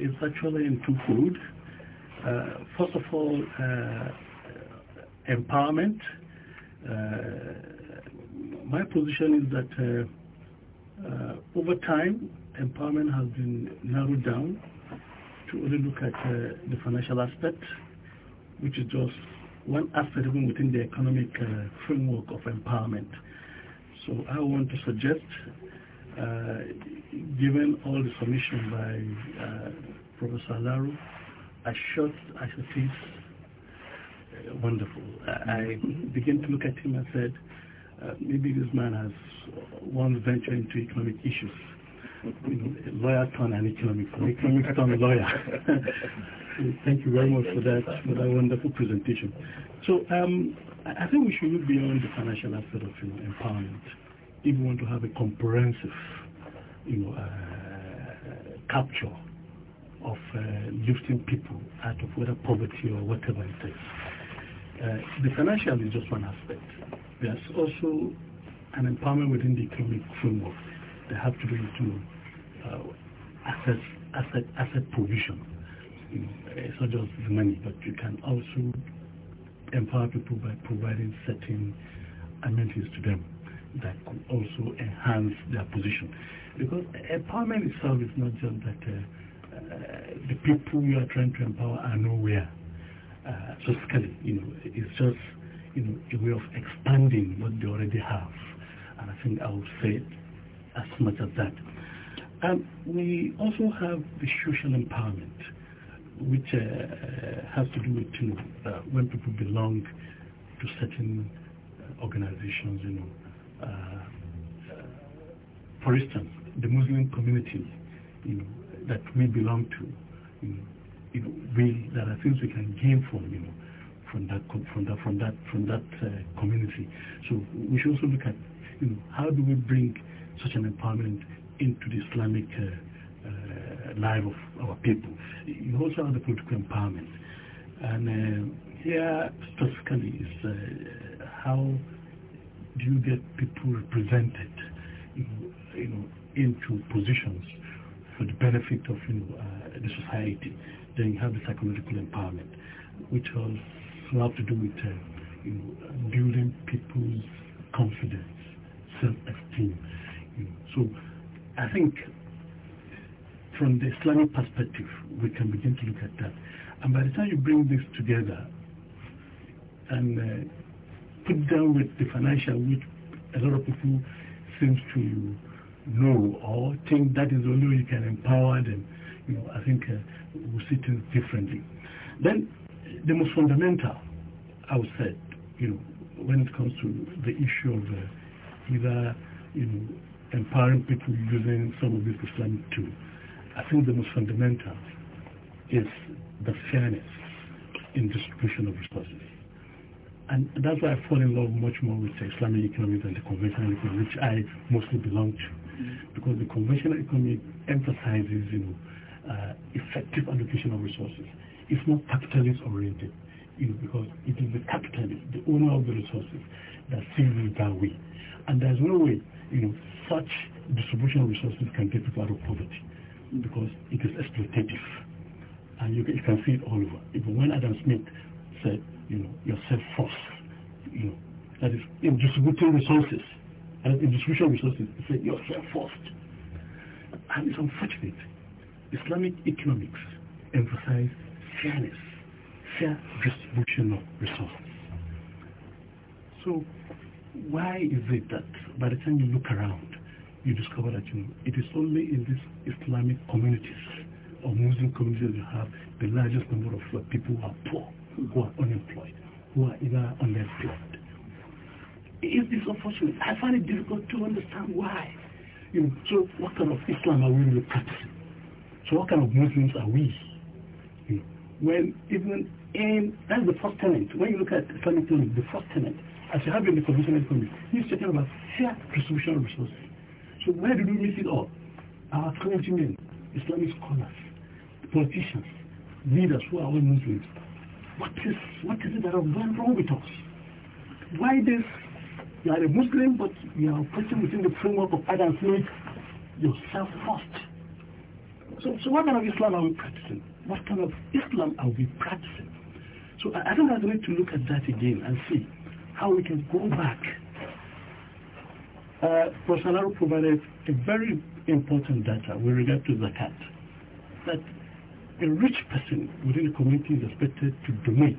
is actually in food. Uh, first of all, uh, empowerment. Uh, my position is that over time, empowerment has been narrowed down to only look at uh, the financial aspect, which is just one aspect even within the economic uh, framework of empowerment. So I want to suggest, uh, given all the submission by uh, Professor Laru, a short as it is, uh, wonderful. I began to look at him and said, uh, maybe this man has uh, one venture into economic issues. lawyer turned an economic, economic turned lawyer. Thank you very much for that, for that wonderful presentation. So um, I think we should look beyond the financial aspect of you know, empowerment if we want to have a comprehensive, you know, uh, capture of uh, lifting people out of whether poverty or whatever it is. Uh, the financial is just one aspect. There's also an empowerment within the economic framework they have to be to uh, asset, asset, asset provision. Uh, it's not just the money, but you can also empower people by providing certain amenities to them that could also enhance their position. Because empowerment itself is not just that uh, uh, the people you are trying to empower are nowhere uh, You know, it's just you know a way of expanding what they already have. And I think I would say as much as that. And we also have the social empowerment, which uh, has to do with you know, uh, when people belong to certain uh, organizations. You know, uh, uh, for instance, the Muslim community, you know, that we belong to. You know, you know, we there are things we can gain from. You know, from that from that from that from that community. So we should also look at you know how do we bring such an empowerment into the Islamic uh, uh, life of our people. You also have the political empowerment. And uh, here, specifically, is uh, how do you get people represented you know, you know, into positions for the benefit of you know, uh, the society. Then you have the psychological empowerment, which has a lot to do with uh, you know, building people's confidence, self-esteem. So I think from the Islamic perspective, we can begin to look at that. And by the time you bring this together and uh, put down with the financial, which a lot of people seems to know or think that is the only way you can empower them, you know, I think uh, we see things differently. Then the most fundamental, I would say, you know, when it comes to the issue of uh, either, you know, empowering people using some of these Islamic tools. I think the most fundamental is the fairness in distribution of resources. And that's why I fall in love much more with the Islamic economy than the conventional economy, which I mostly belong to. Mm-hmm. Because the conventional economy emphasizes, you know, uh, effective allocation of resources. It's not capitalist oriented, you know, because it is the capitalist, the owner of the resources, that sees it that way. And there's no way you know, such distribution of resources can take people out of poverty because it is exploitative. And you, you can see it all over. Even when Adam Smith said, you know, yourself first, you know, that is in distributing resources, and in distribution of resources, he said yourself first. And it's unfortunate. Islamic economics emphasize fairness, fair distribution of resources. So why is it that by the time you look around, you discover that you know, it is only in these Islamic communities or Muslim communities you have the largest number of uh, people who are poor, who are unemployed, who are either unemployed. Is this unfortunate? I find it difficult to understand why. You know, so what kind of Islam are we really practicing? So what kind of Muslims are we? You know, when even in, that's the first tenet. When you look at Islamic tenet, the first tenet as you have in the conventional economy, he's talking about fair distribution of resources. So where did we miss it all? Our clergymen, Islamic scholars, politicians, leaders who are all Muslims. What is, what is it that has gone wrong with us? Why this? You are a Muslim, but you are operating within the framework of Adam Smith, yourself first. So, so what kind of Islam are we practicing? What kind of Islam are we practicing? So I, I don't have to look at that again and see how we can go back. Uh, Rosanaro provided a very important data with regard to zakat, that a rich person within a community is expected to donate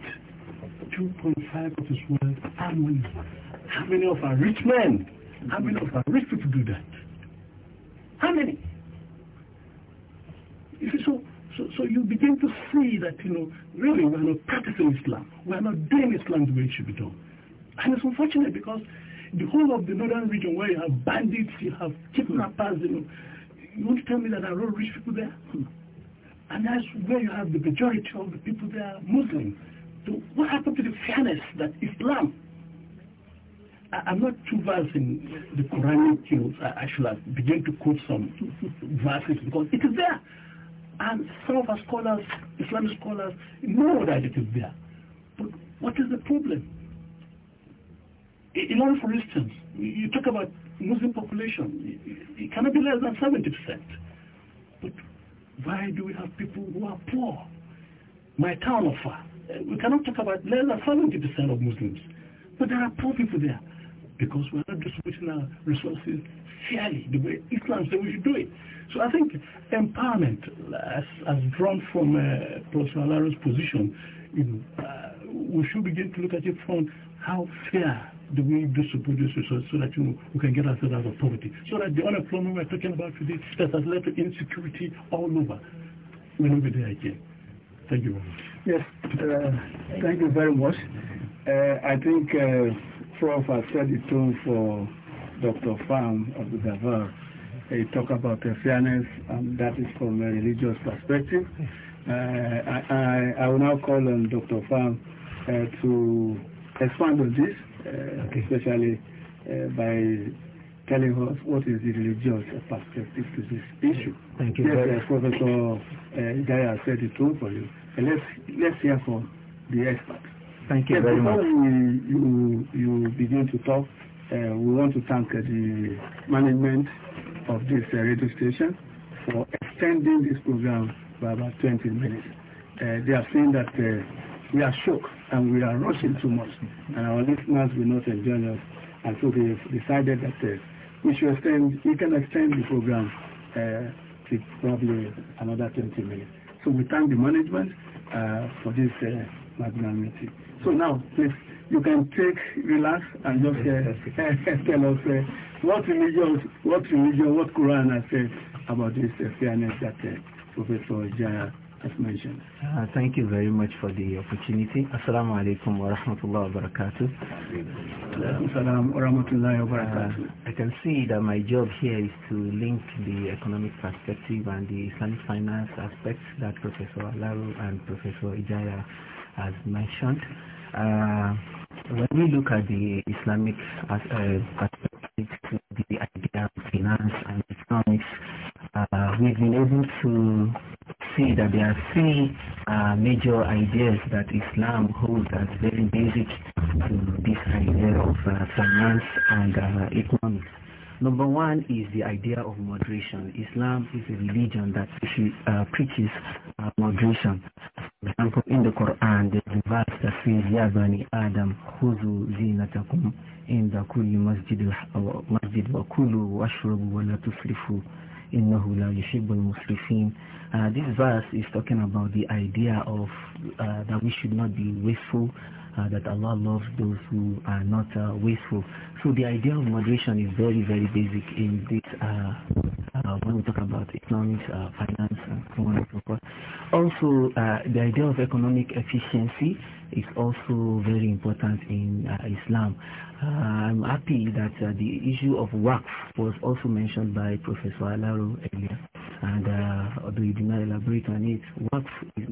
2.5 of his wealth annually. How many of our rich men, how many of our rich people do that? How many? You see, so, so, so you begin to see that, you know, really we are not practicing Islam. We are not doing Islam the way it should be done. And it's unfortunate because the whole of the northern region where you have bandits, you have kidnappers, you know, you want to tell me that there are rich people there? Hmm. And that's where you have the majority of the people there are Muslim. So what happened to the fairness that Islam? I, am not too versed in the Quranic, you know, I, I should have to quote some verses because it is there. And some of our scholars, Islamic scholars, know that it is there. But what is the problem? In order for instance, you talk about Muslim population, it cannot be less than 70%. But why do we have people who are poor? My town of Far, eh, we cannot talk about less than 70% of Muslims. But there are poor people there because we are not distributing our resources fairly the way Islam says we should do it. So I think empowerment, as, as drawn from uh, Professor Alaro's position, you know, uh, we should begin to look at it from how fair the way this to produce results so that you, can get ourselves out of poverty. So that the unemployment we're talking about today that has led to insecurity all over will not be there again. Thank you very much. Yes, uh, thank you very much. Uh, I think uh, Prof has said it too for Dr. Pham of the Davao. He talked about fairness, and that is from a religious perspective. Uh, I, I, I, will now call on Dr. Pham uh, to expand on this. Uh, especially uh, by telling us what is the religious perspective to this issue. Thank you. Yes, uh, Professor uh, Gaya said it all for you. And let's, let's hear from the experts. Thank you yes, very before much. Before you, you begin to talk, uh, we want to thank uh, the management of this uh, radio station for extending this program by about 20 minutes. they are saying that we are shocked and we are rushing too much, and our listeners will not enjoy us. And so we've decided that uh, we should extend, we can extend the program uh, to probably another 20 minutes. So we thank the management uh, for this uh, magnanimity. So now, please, you can take, relax, and just uh, tell us uh, what religion, what religion, what Quran has said about this uh, fairness that Professor Jaya as mentioned. Uh, thank you very much for the opportunity. Assalamu alaikum wa rahmatullahi wa barakatuh. Uh, I can see that my job here is to link the economic perspective and the Islamic finance aspects that Professor Alaru and Professor Ijaya has mentioned. Uh, when we look at the Islamic uh, perspective to the idea of finance and economics, uh, we've been able to see that there are three uh, major ideas that Islam holds as very basic to this idea of uh, finance and uh, economics. Number one is the idea of moderation. Islam is a religion that uh, preaches uh, moderation. For example, in the Quran, the verse that says, Ya Bani Adam, Khuzu zinatakum inda kulli masjid wa kulu washrabu wa إِنَّهُ لَا يُحِبُّ الْمُسْرِفِينَ uh, This verse is talking about the idea of uh, that we should not be wasteful, uh, that Allah loves those who are not uh, wasteful. So the idea of moderation is very, very basic in this uh, uh, when we talk about economics, uh, finance, and so on and so forth. Also, the idea of economic efficiency is also very important in Islam. I'm happy that uh, the issue of WACF was also mentioned by Professor Alaro earlier and uh, did not elaborate on it, what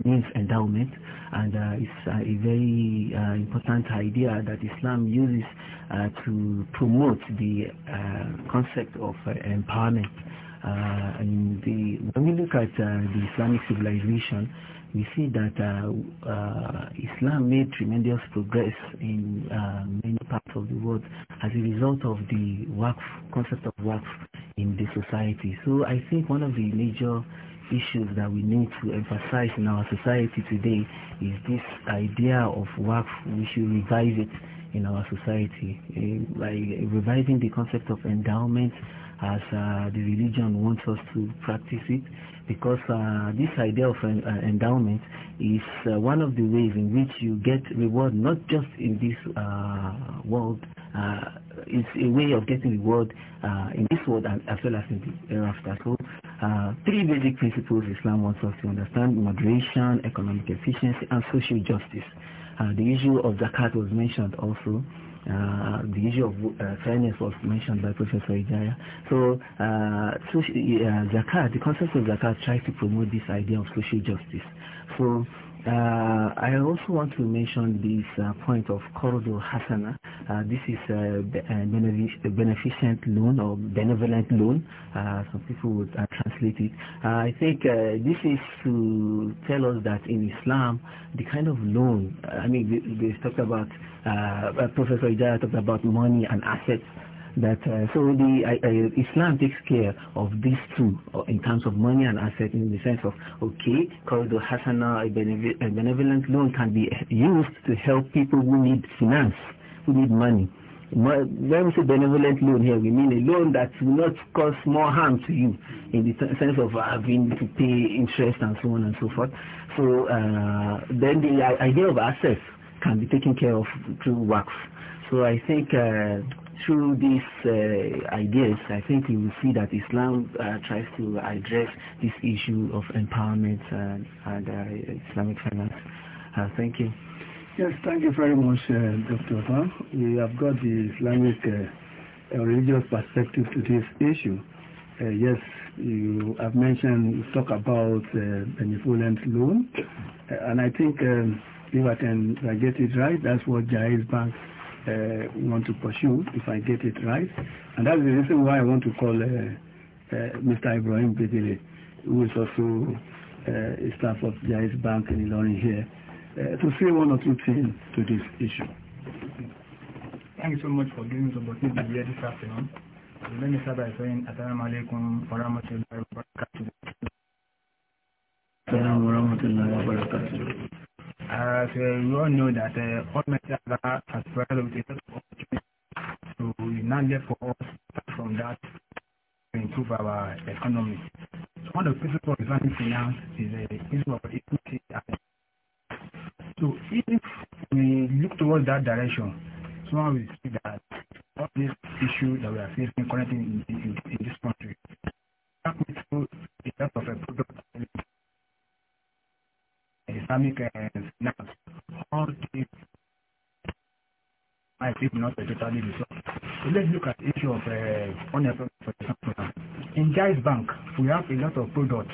means endowment, and uh, it's uh, a very uh, important idea that Islam uses uh, to promote the uh, concept of empowerment. Uh, the, when we look at uh, the Islamic civilization, we see that uh, uh Islam made tremendous progress in uh, many parts of the world as a result of the work concept of work in the society. So I think one of the major issues that we need to emphasize in our society today is this idea of work. We should revise it in our society eh, by revising the concept of endowment as uh, the religion wants us to practice it because uh, this idea of an, uh, uh, endowment is uh, one of the ways in which you get reward not just in this uh, world it's a way of getting reward in this world and as well as in the hereafter so three basic principles Islam wants us to understand moderation economic efficiency and social justice the issue of zakat was mentioned also uh, the issue of uh, fairness was mentioned by Professor Ijaya. So, uh, social, uh, Zakat, the concept of Zakat tries to promote this idea of social justice. So, uh, I also want to mention this uh, point of Corridor Hasana. Uh, this is a, a, beneficent loan or benevolent loan. Uh, some people would uh, translate it. Uh, I think this is to tell us that in Islam, the kind of loan, I mean, they, they talked about, Professor Ijaya talked about money and assets that uh, so the uh, Islam takes care of these two uh, in terms of money and asset in the sense of okay, corridor hasana, uh, a benevolent loan can be used to help people who need finance, who need money. When we say benevolent loan here, we mean a loan that will not cause more harm to you in the sense of having to pay interest and so on and so forth. So uh, then the idea of assets can be taken care of through works. So I think uh, through these uh, ideas, I think you will see that Islam uh, tries to address this issue of empowerment and, and uh, Islamic finance. Uh, thank you. Yes, thank you very much, uh, Dr. Fan. We have got the Islamic uh, religious perspective to this issue. yes, you have mentioned, you talk about benevolent loan, and I think um, if I can get it right, that's what Jai's Bank uh, want to pursue if I get it right. And that's the reason why I want to call uh, uh, Mr. Ibrahim Bidile, who is also uh, a staff of Jais Bank in Ilorin here, uh, to say one or two things to this issue. Thank you so much for giving us opportunity to be here this afternoon. Let me start by saying, Assalamu alaikum wa rahmatullahi wa barakatuh. As we all know that Almighty Allah has provided us opportunity to now therefore from that to improve our economy. So one of the principles of Islamic finance is the principle of equity. So if we look towards that direction, someone will see that all these issues that we are facing currently in, in, in this country that through a lot of a product eh, Islamic uh, we have a lot of product.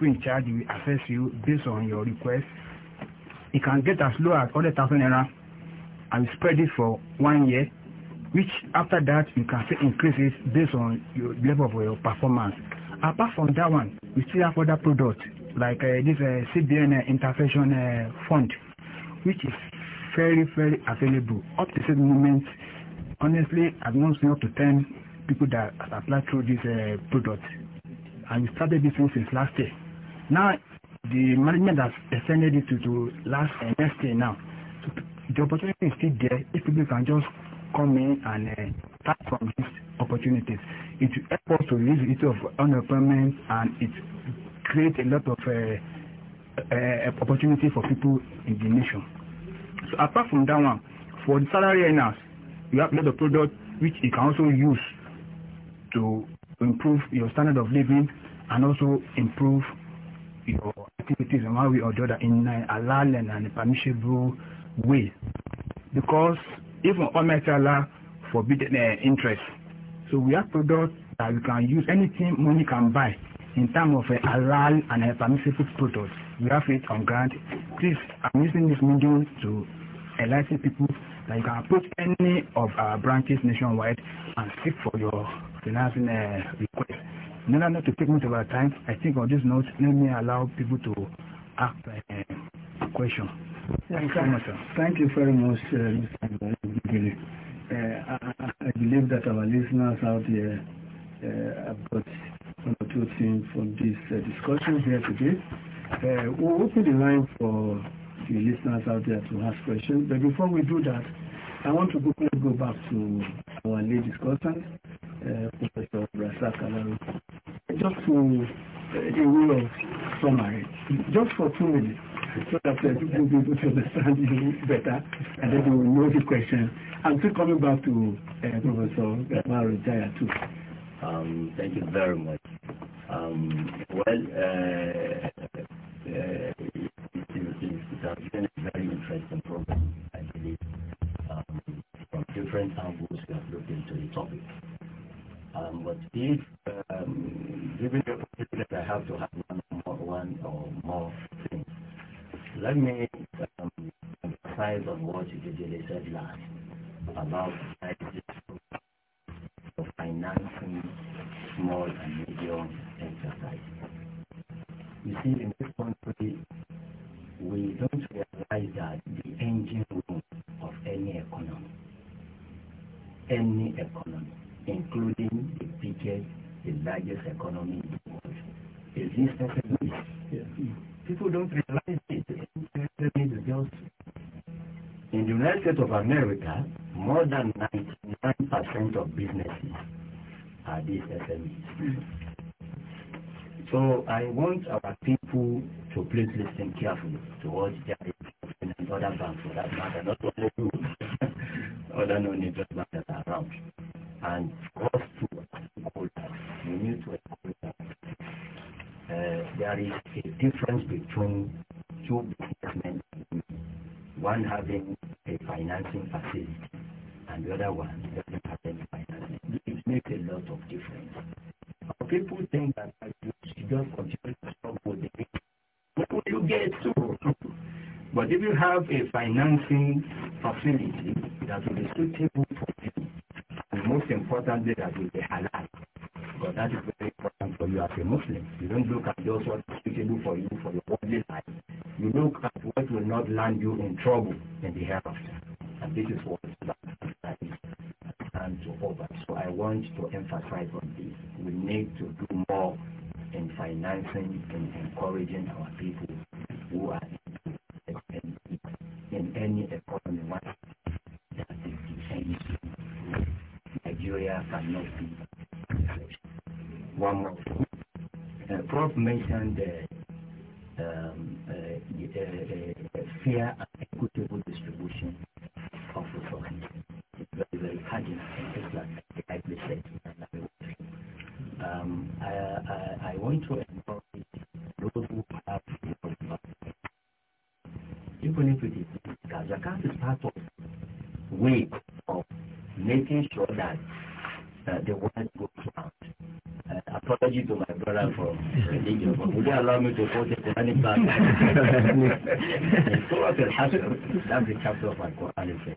people in charge will assess you based on your request. It can get as low as 100,000 naira and spread it for one year, which after that you can see increases based on your level of your performance. Apart from that one, we still have other products like uh, this uh, CBN uh, intervention uh, fund, which is very, very available. Up to this moment, honestly, I've known up to 10 people that have applied through this uh, product. And we started this since last year. Now, the management has extended it to, to last uh, next now. So the opportunity is still there if people can just come in and uh, eh, tap from these opportunities. It will help us to reduce the of unemployment and it creates a lot of uh, uh, opportunity for people in the nation. So apart from that one, for the salary earners, you have a lot of products which you can also use to improve your standard of living and also improve your activities in one way or the other in an lawful and permissible way. Because even Almighty Allah forbid uh, interest. So we have products that we can use anything money can buy in terms of a lawful and a permissible product. We have it on ground. Please, I'm using this medium to enlighten people that you can approach any of our branches nationwide and seek for your financing uh, request. In order not to take much of our time, I think on this note, let me allow people to ask uh, questions. Thank, so much, Thank you very much, uh, Mr. Uh, I, I, believe that our listeners out there uh, have got one or two things from this uh, discussion here today. Uh, we'll open the line for the listeners out there to ask questions. But before we do that, I want to quickly go back to our latest discussion, uh, Professor Brasak Just to uh, a way of summary, just for two minutes, so that people will be able to understand you better and then they will know the question. I'm still coming back to uh, Professor Maru Jaya too. Um, thank you very much. Um, well, uh, different angles we have looked into the topic. Um, but if, um, given the opportunity I have to have one, one or more things, let me one month. Uh, Prof mentioned uh, um, uh, uh, uh fair and equitable distribution of resources. It's very, very cardinal, just like I said. Um, I, I, I want to encourage those who have people if it jòkó ti kò ní bá a lọ. Sọ́wọ́sì Al-Hashr, that's the chapter of Al-Quran.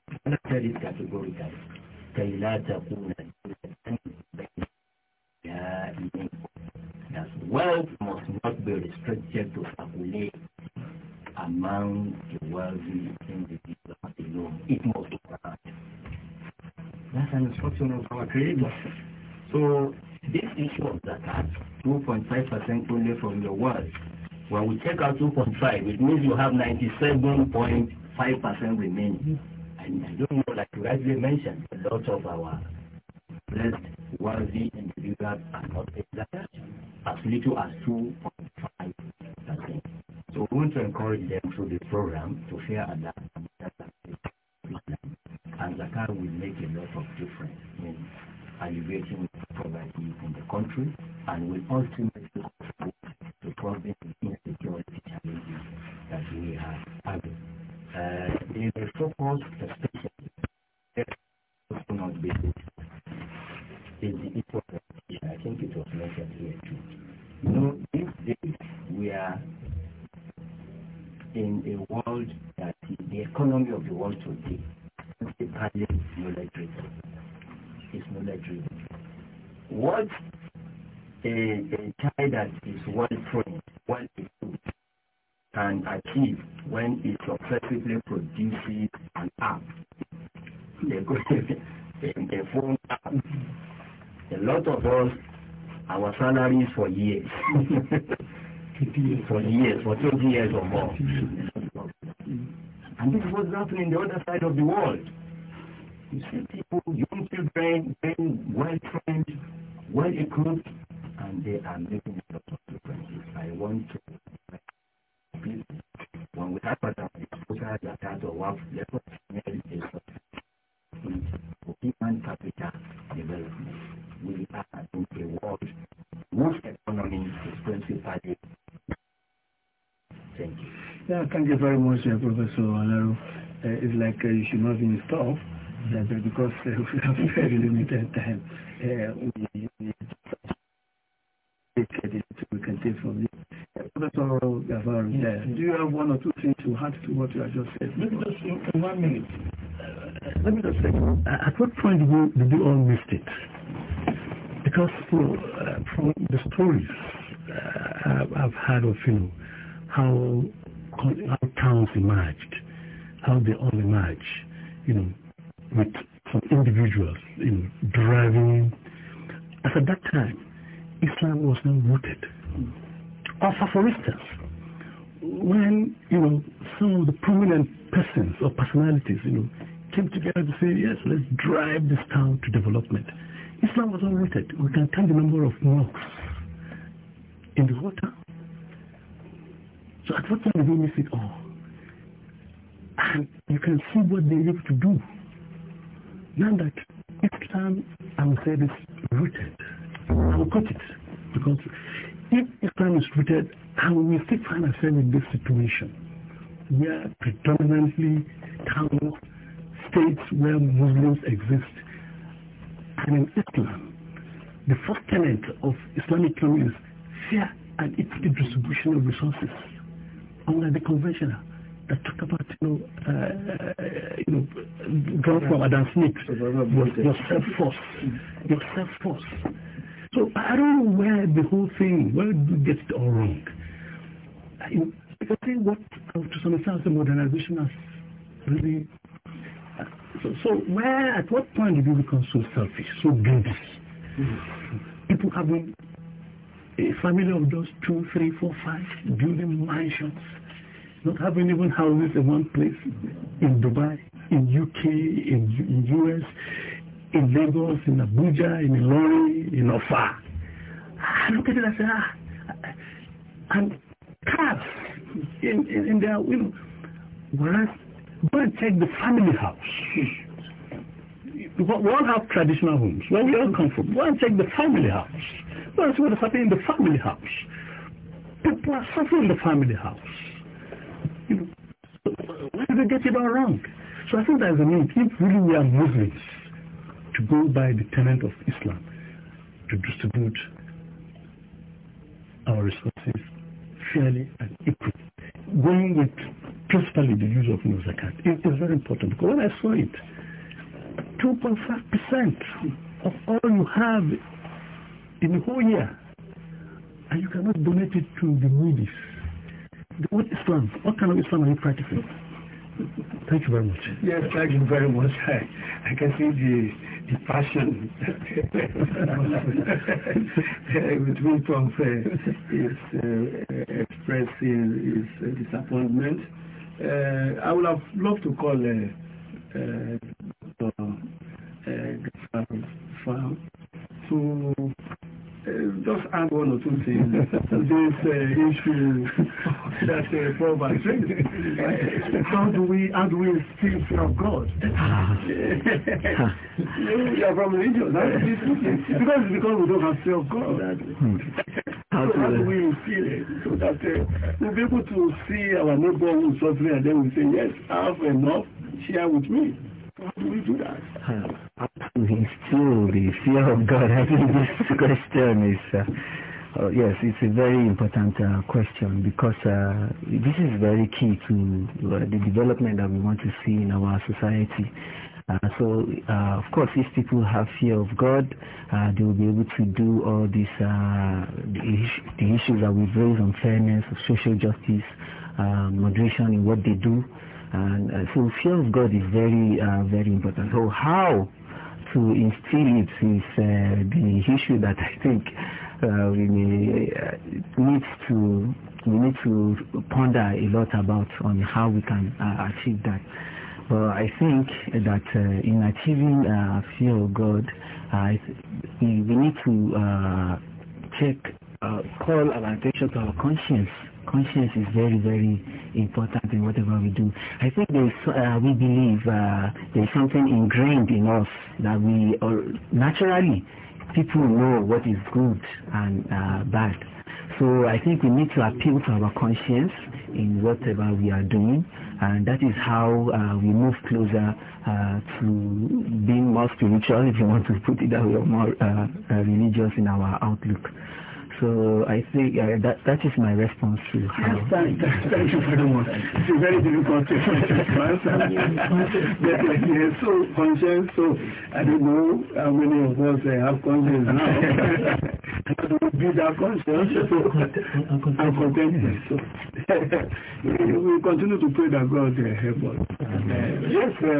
take out 2.5, it means you have 97.5% remaining. And I don't know, like you rightly mentioned, a lot of our blessed, worthy individuals are not exact as little as 2.5%. So we want to encourage them through the program to share and that will make a lot of difference in alleviating poverty in the country and will ultimately in the focus expression that must be is the important, I think it was mentioned here too. You know, these days we are in a world that the economy of the world today entirely knowledge driven. It's knowledge driven. What a, a child that is well trained, well equipped, can achieve when it successively produces an app. the phone app. A lot of us, our salaries for years. for years, for 20 years or more. Mm-hmm. And this is what's happening the other side of the world. You see people, young children, being well trained, well equipped, and they are making a lot of differences. I want to Thank you. very much, uh, Professor Alaro. Uh, it's like uh, you should not be in stop uh, because uh, we have very limited time. Uh, we, we can take from this. Professor Gavari, do you have one or two things to add to what you have just said? Let me just in uh, one minute. Uh, let me just say, uh, at what point did you, did you all miss it? Because from, uh, from the stories uh, I've heard of, you know, how, how towns emerged, how they all emerged, you know, with some individuals, you know, driving. As at that time, Islam was not rooted. Also, for instance, when, you know, some of the prominent persons or personalities, you know, came together to say, yes, let's drive this town to development. Islam was not rooted. We can count the number of mosques in the water. So at what time did we miss it all? And you can see what they able to do. Now that Islam, I will say, this rooted. I will cut it because if Islam is treated, and we still find ourselves in this situation, we are predominantly town states where Muslims exist, and in Islam, the first tenet of Islamic law is fair and equal distribution of resources. Unlike the conventional that talk about you know, uh, uh you know, drawn from Adam Smith, your self-force, your self-force so I don't know where the whole thing, where do you get it all wrong? I, because I think what, to some extent, the modernization has really... so, so where, at what point did you become so selfish, so greedy? Mm -hmm. People having a family of those two, three, four, five, building mansions, not having even houses in one place, in Dubai, in UK, in, in US, in Lagos, in Abuja, in Ilori, in Ofa. Ah, I look at it and say, ah, and cars in, in, in their, you know, go and check the family house. We all have traditional homes where we all come from. Go and check the family house. Go and see what is happening in the family house. People are suffering in the family house. You know, where do they get it all wrong? So I think there's a need. If really we are Muslims, to go by the tenet of Islam to distribute our resources fairly and equally. Going with principally the use of no zakat is, very important because when I saw it, 2.5% of all you have in the whole year and you cannot donate it to the needy. What Islam? What kind of Islam are you practicing? Thank you very much. Yes, thank you very much. I, I can see the, the passion between Trump uh, is uh, expressing his uh, disappointment. Uh, I would have loved to call uh, uh, Farm to uh, just add one or two things to this uh, issue that's a Proverbs how do we how do we still fear of God? Ah. you are from religion, because it's because we don't have fear of God. How do, so how do uh, we feel it? So that uh, we'll be able to see our neighbor who's suffering and then we say, yes, I have enough, share with me. How do we do that? How do we instill the fear of God? I think this question is uh, uh, yes, it's a very important uh, question because uh, this is very key to uh, the development that we want to see in our society. Uh, so, uh, of course, if people have fear of God, they will be able to do all these the, the, issues that we've raised on fairness, social justice, moderation in what they do. And so fear of God is very, very important. So how to instill it is the issue that I think uh, uh, we need to we need to ponder a lot about on how we can uh, achieve that. But I think that uh, in achieving uh, fear of God, we need to check, uh, uh, call our attention to our conscience. Conscience is very, very important in whatever we do. I think there is, we believe there is something ingrained in us that we naturally people know what is good and uh, bad. So I think we need to appeal to our conscience in whatever we are doing, and that is how uh, we move closer uh, to being more spiritual, if you want to put it that way, or more uh, uh, religious in our outlook. So I think that that is my response to how. thank, you very much. It's a very difficult question to answer. yes, yes, so conscience. So I don't know how many of us uh, have conscience now. build our conscience. I'm contented. So we continue to pray that God uh, help us. Uh, yes, uh,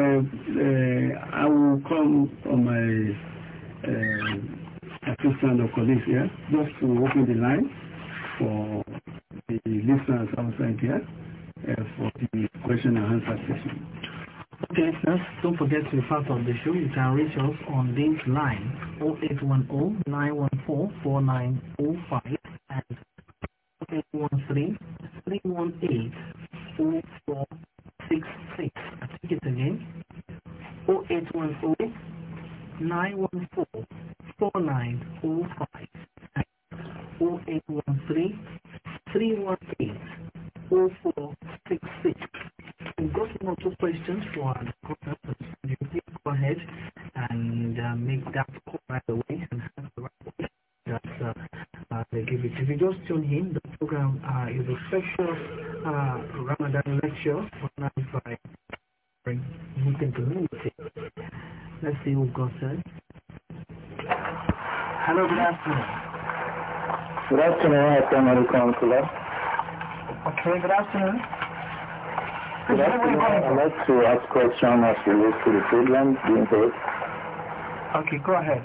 uh, I will come on my assistant or colleagues here just to open the line for the listeners outside here uh, for the question and answer session. Okay, now don't forget to be part of the show. You can reach us on this line 0810-914-4905 and 813-318-0466. I think it again 0810 914 mind, all Okay, good afternoon. Good afternoon. I'd like to ask a question as relates to the program being paid. Okay, go ahead.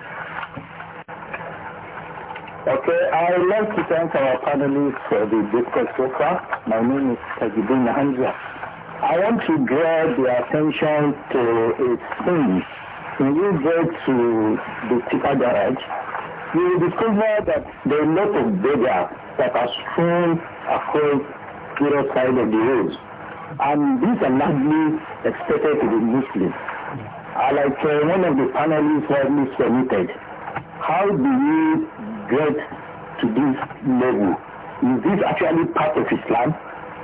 Okay, I'd like to thank our panelists for the discourse so far. My name is Tajibun Hamza. I want to draw the attention to a thing. When you go to the Tika Garage, you will discover that there are a lot of beggars that are strong across either side of the roads. And these are largely expected to be Muslim. I uh, like uh, one of the panelists rightly submitted, how do you get to this level? Is this actually part of Islam?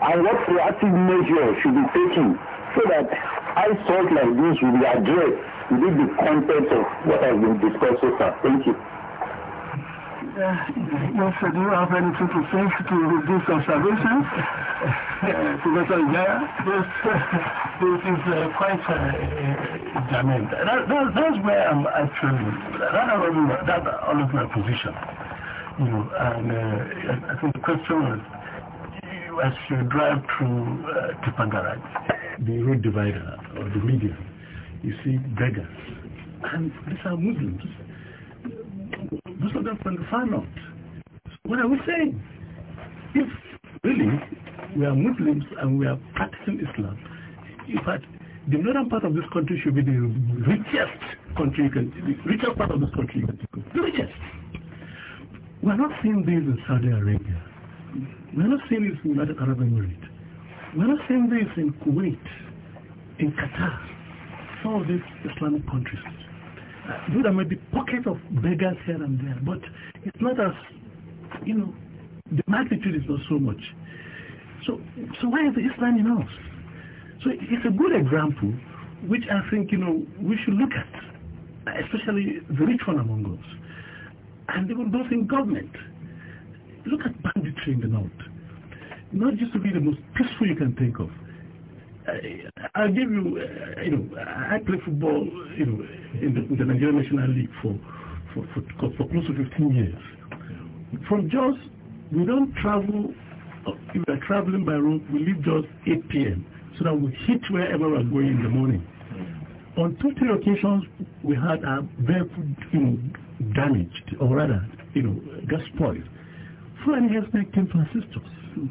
And what proactive measures should be taken so that eyesore like this will be addressed within the context of what has been discussed so far? Thank you yes, sir, do you have anything to say to these observations? Professor Ijaya? Yes, this is uh, quite uh, That, that, that's where I'm actually, that, that, all of my position. You know, and uh, I think the question was, as you drive through uh, Tipangarat, the road divider or the median, you see beggars. And these are Muslims most of them from the far north. what are we saying? If really we are Muslims and we are practicing Islam, in fact, the northern part of this country should be the richest country, can, the richest part of this country, the richest. We are not seeing this in Saudi Arabia. We are not seeing this in United Arab Emirates. We are not seeing this in Kuwait, in Qatar, some of these Islamic countries there may be pockets of beggars here and there, but it's not as, you know, the magnitude is not so much. So, so why is Islam in us? So it's a good example, which I think, you know, we should look at, especially the rich one among us. And even those in government. Look at banditry in the north. Not just to be the most peaceful you can think of. Uh, I'll give you, uh, you know, I play football, you know, in the, in the Nigerian National League for, for, for, for, close to 15 years. From Jos, we don't travel, uh, if we're traveling by road, we leave Jos 8 p.m. so that we hit wherever we're going in the morning. On two, three occasions, we had our vehicle, you know, damaged, or rather, you know, got spoiled. Foreign health came to assist us.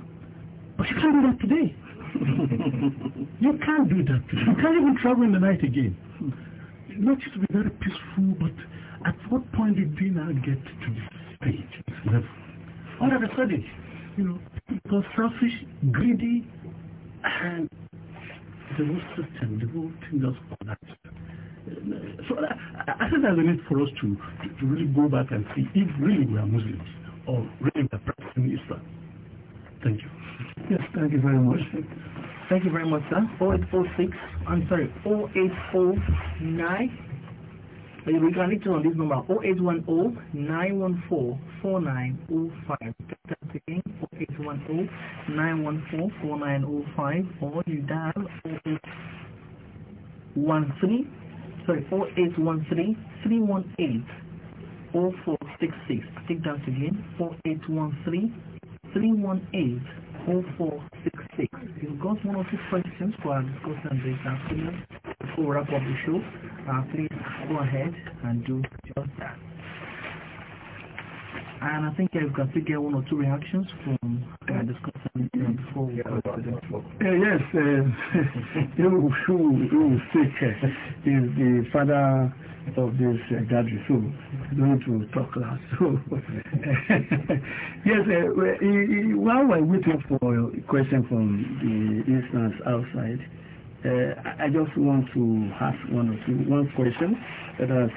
But you can't do that today you can't do that. You can't even travel in the night again. Not just to be very peaceful, but at what point did we now get to this stage, this level? All of a sudden, you know, because selfish, greedy, and the whole system, the whole thing just collapsed. So I, I think there's a need for us to, to really go back and see if really we are Muslims or really we are practicing Islam. Thank you. Yes, thank you very much. Thank you very much, sir. 4846, I'm sorry, 0849. We can reach on this number, 0810-914-4905. That's again, 0810-914-4905, or you dial 0813, sorry, 0813-318-0466. I think that's again, 0813-318. 4466. You've got one or two questions for our discussion this afternoon. Before we wrap up the show, uh, please go ahead and do just that. And I think I've got to get one or two reactions from our discussion uh, before we go to the floor. Uh, yes, uh, who, who, who is the father of this uh, graduates so don't to talk loud. So yes, uh, while we're waiting for a question from the instance outside, uh, I just want to ask one or two one question that has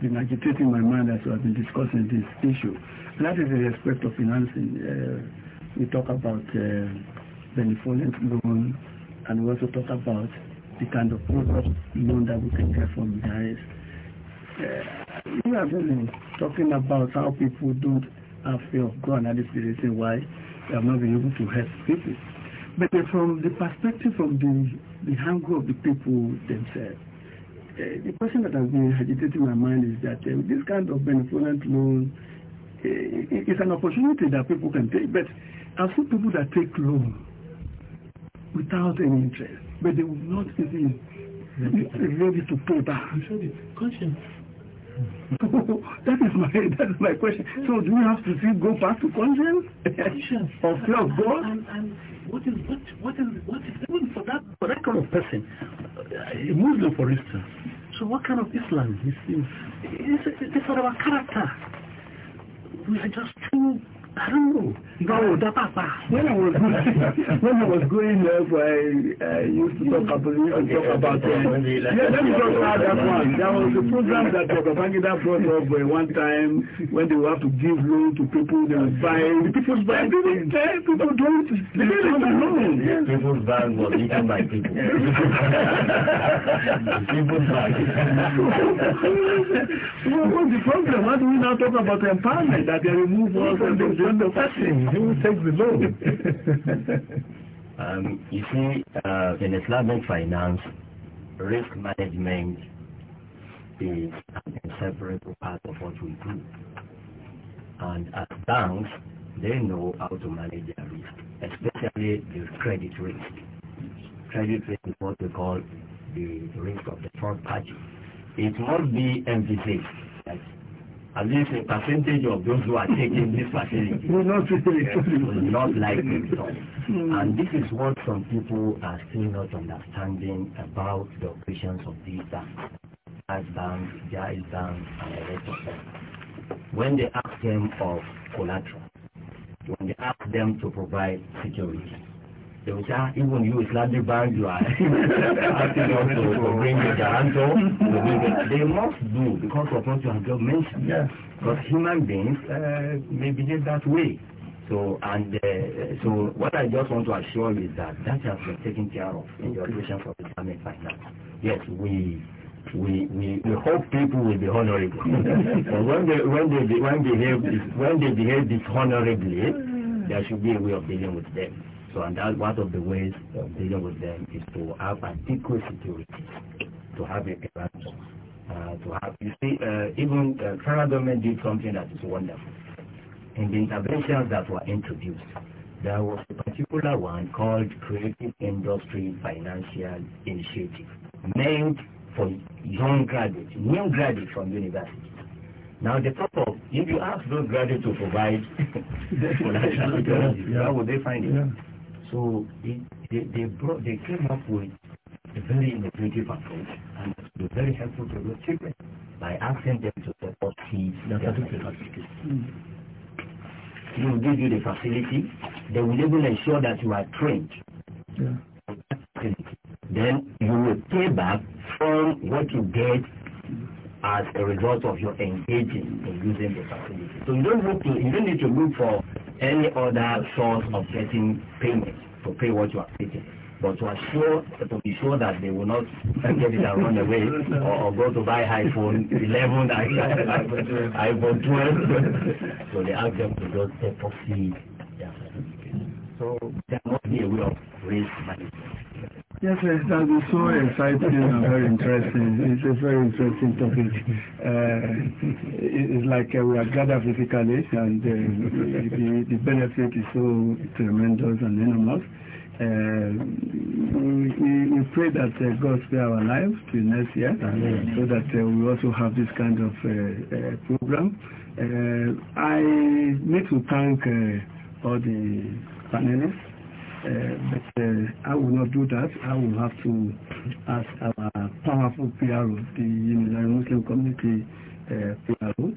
been agitating my mind as we have been discussing this issue, and that is the respect of financing. Uh, we talk about uh, benevolent loan, and we also talk about the kind of product loan that we can get from the IS. Uh, you have been talking about how people don't have fear of God, and this is the reason why they have not been able to help people. But from the perspective of the, the hunger of the people themselves, uh, the question that has been agitating my mind is that uh, this kind of benevolent loan uh, is an opportunity that people can take. But I've seen people that take loan without any interest, but they will not even ready to pay back. I'm sure the conscience that is my that is my question. So do we have to go back to conscience? of fear of God? And, whats what is what what is what is even for that for that kind of person, a Muslim for instance. So what kind of Islam is this? It's, it's a character. We are just too I don't know. No, that papa. When I was when I was going there, I, I used to talk about used to talk about. Uh, yeah, let me talk about that one. There was a program that Dr. Bangida brought up uh, one time when they would have to give loan to people. They would buy the people's bank. People, uh, people don't. They don't loan. People's bank was eaten by people. people's bank. well, what's the problem? Why do we now talk about empowerment? That they remove all the not the person who takes the loan. um, you see, uh, in Islamic finance, risk management is an inseparable part of what we do. And as banks, they know how to manage their risk, especially the credit risk. Credit risk is what we call the risk of the third party. It must be emphasized that at least a percentage of those who are taking this facility will not not like it at all, And this is what some people are still not understanding about the operations of these banks, as banks, Jaiz banks, and the rest of them. When they ask them of collateral, when they ask them to provide security, yeah, even you slightly bang you are asking us to, to bring the They must do because of what you have just mentioned. Yes. Because human beings uh, may behave that way. So and uh, so what I just want to assure you is that that has been taken care of in the operation for the retirement finance. Yes, we we, we, we hope people will be honorable. when they when they when behave when they behave dishonorably, there should be a way of dealing with them. So and that one of the ways of dealing with them is to have adequate security, to have a ransom. Uh, to have, you see, uh, even uh, federal government did something that is wonderful. In the interventions that were introduced, there was a particular one called Creative Industry Financial Initiative, meant for young graduates, new graduates from universities. Now the problem, if you ask those graduates to provide, financial yeah. how would they find it? Yeah. So they, they, they, brought, they came up with a very innovative approach and it was very helpful to the children by asking them to support fees. They will give you the facility. They will even ensure that you are trained. Yeah. Then you will pay back from what you get as a result of your engaging in using the facility. So you don't to, you don't need to look for any other source of getting payment to pay what you are taking. But to assure, to be sure that they will not get it and run away or, or, go to buy iPhone 11, iPhone 12. so they ask them to just proceed. their So there must be a way of raising money. Yes, it has been so exciting and very interesting. It's a very interesting topic. Uh, it's like uh, we are gathered physically, and uh, the, the, benefit is so tremendous and enormous. Uh, we, we, pray that uh, God spare our lives to next year, Amen. Uh, so that we also have this kind of program. I need to thank all the panelists uh, but uh, I will not do that. I will have to ask our powerful PRO, the Unitarian Muslim Community uh, PRO,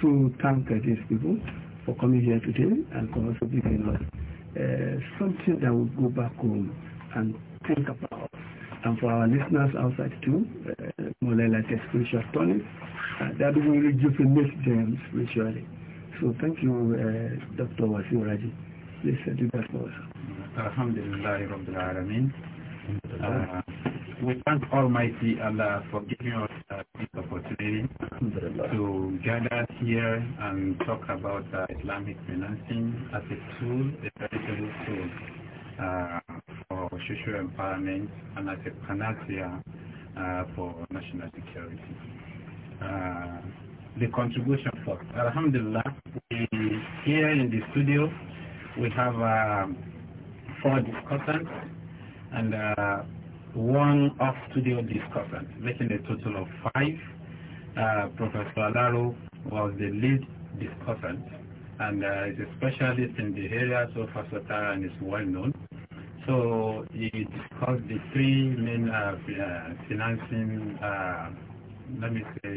to thank these people for coming here today and for also giving us something that will go back home and think about. And for our listeners outside too, uh, like a spiritual tonic, uh, that will rejuvenate them spiritually. So thank you, uh, Dr. Wasim Raji. Please uh, do that for us. Alhamdulillah Rabbil Alameen. Uh, we thank Almighty Allah for giving us uh, this opportunity to gather here and talk about uh, Islamic financing as a tool, a valuable tool uh, for social empowerment and as a panacea uh, for national security. the contribution for Alhamdulillah, we, here in the studio, we have um, four discussants and uh, one off-studio discussant, making a total of five. Uh, Professor Alaro was the lead discussant and uh, is a specialist in the areas of versatile and is well known. So he discussed the three main uh, uh, financing uh, let me say,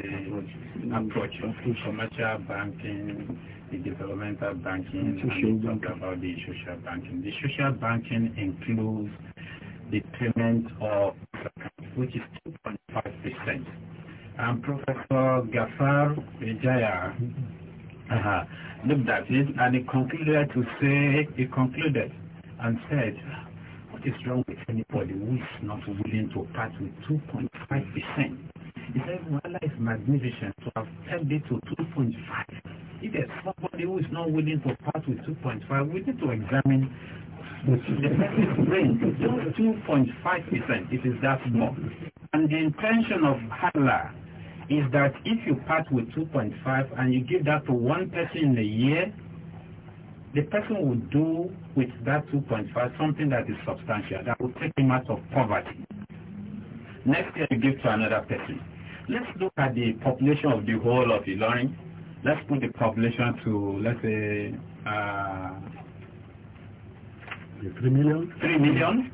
approach commercial banking, the developmental banking, and talk about the social banking. The social banking includes the payment of which is 2.5%. And Professor Gafar Vijaya, uh, uh-huh, looked at it and he concluded to say, he concluded and said, what is wrong with anybody who is not willing to part with 2.5%? He said, Wala is magnificent to have turned it to 2.5. If there's somebody who is not willing to part with 2.5, we need to examine the person's brain. 2.5%, it is that more. And the intention of Allah is that if you part with 2.5 and you give that to one person in a year, the person will do with that 2.5 something that is substantial, that will take him out of poverty. Next year you give to another person let's look at the population of the whole of Ilorin. Let's put the population to, let's say, uh, 3 million? 3 million,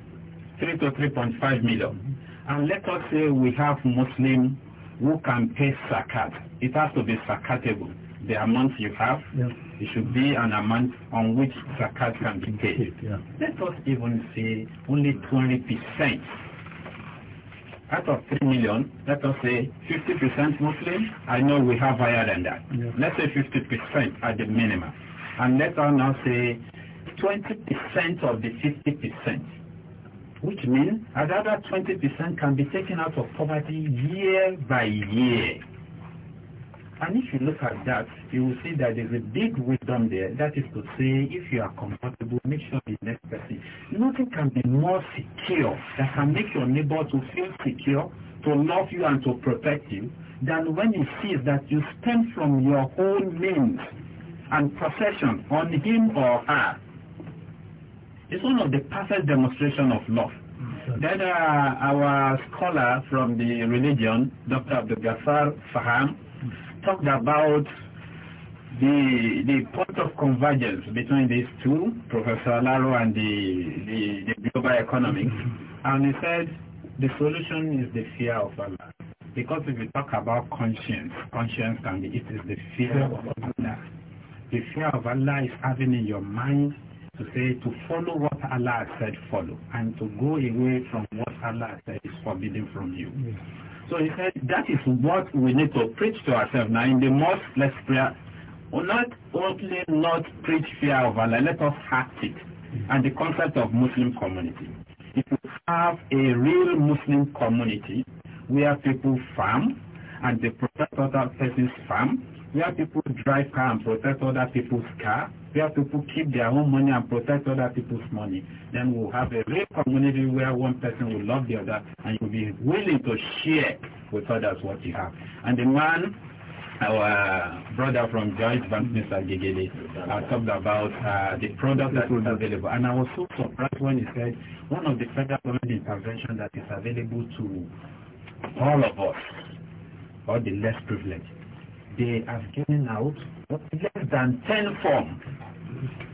3 to 3.5 million. And let us say we have Muslim who can pay zakat. It has to be zakatable. The amount you have, yeah. it should be an amount on which zakat can be paid. Yeah. Let us even say only 20% out of 3 million, let us say 50% Muslim, I know we have higher than that. Yeah. Let's say 50% at the minimum. And let us now say 20% of the 50%, which means another 20% can be taken out of poverty year by year. And if you look at that, you will see that there's a big wisdom there. That is to say, if you are comfortable, make sure the next person. Nothing can be more secure that can make your neighbor to feel secure, to love you and to protect you, than when he sees that you spend from your own means and possession on him or her. It's one of the perfect demonstration of love. Mm-hmm. Then uh, our scholar from the religion, Dr. Abdul Ghaffar Faham, talked about the the point of convergence between these two, Professor Alaro and the, the, the global economics, mm-hmm. and he said the solution is the fear of Allah. Because if you talk about conscience, conscience can be, it is the fear of Allah. The fear of Allah is having in your mind to say to follow what Allah said follow and to go away from what Allah said is forbidden from you. Yes. So he said, that is what we need to preach to ourselves. Now in the mosque, let's pray. Not only not preach fear of Allah, let us act it. And the concept of Muslim community. If you have a real Muslim community where people farm and they protect other persons farm, where people drive car and protect other people's car, where people keep their own money and protect other people's money, then we'll have a real community where one person will love the other and you'll be willing to share with others what you have. And the man, our brother from Joyce Bank, Mr. Gigele, uh, talked about uh, the product that is available. And I was so surprised when he said one of the federal government interventions that is available to all of us, all the less privileged, they have given out less than 10 forms.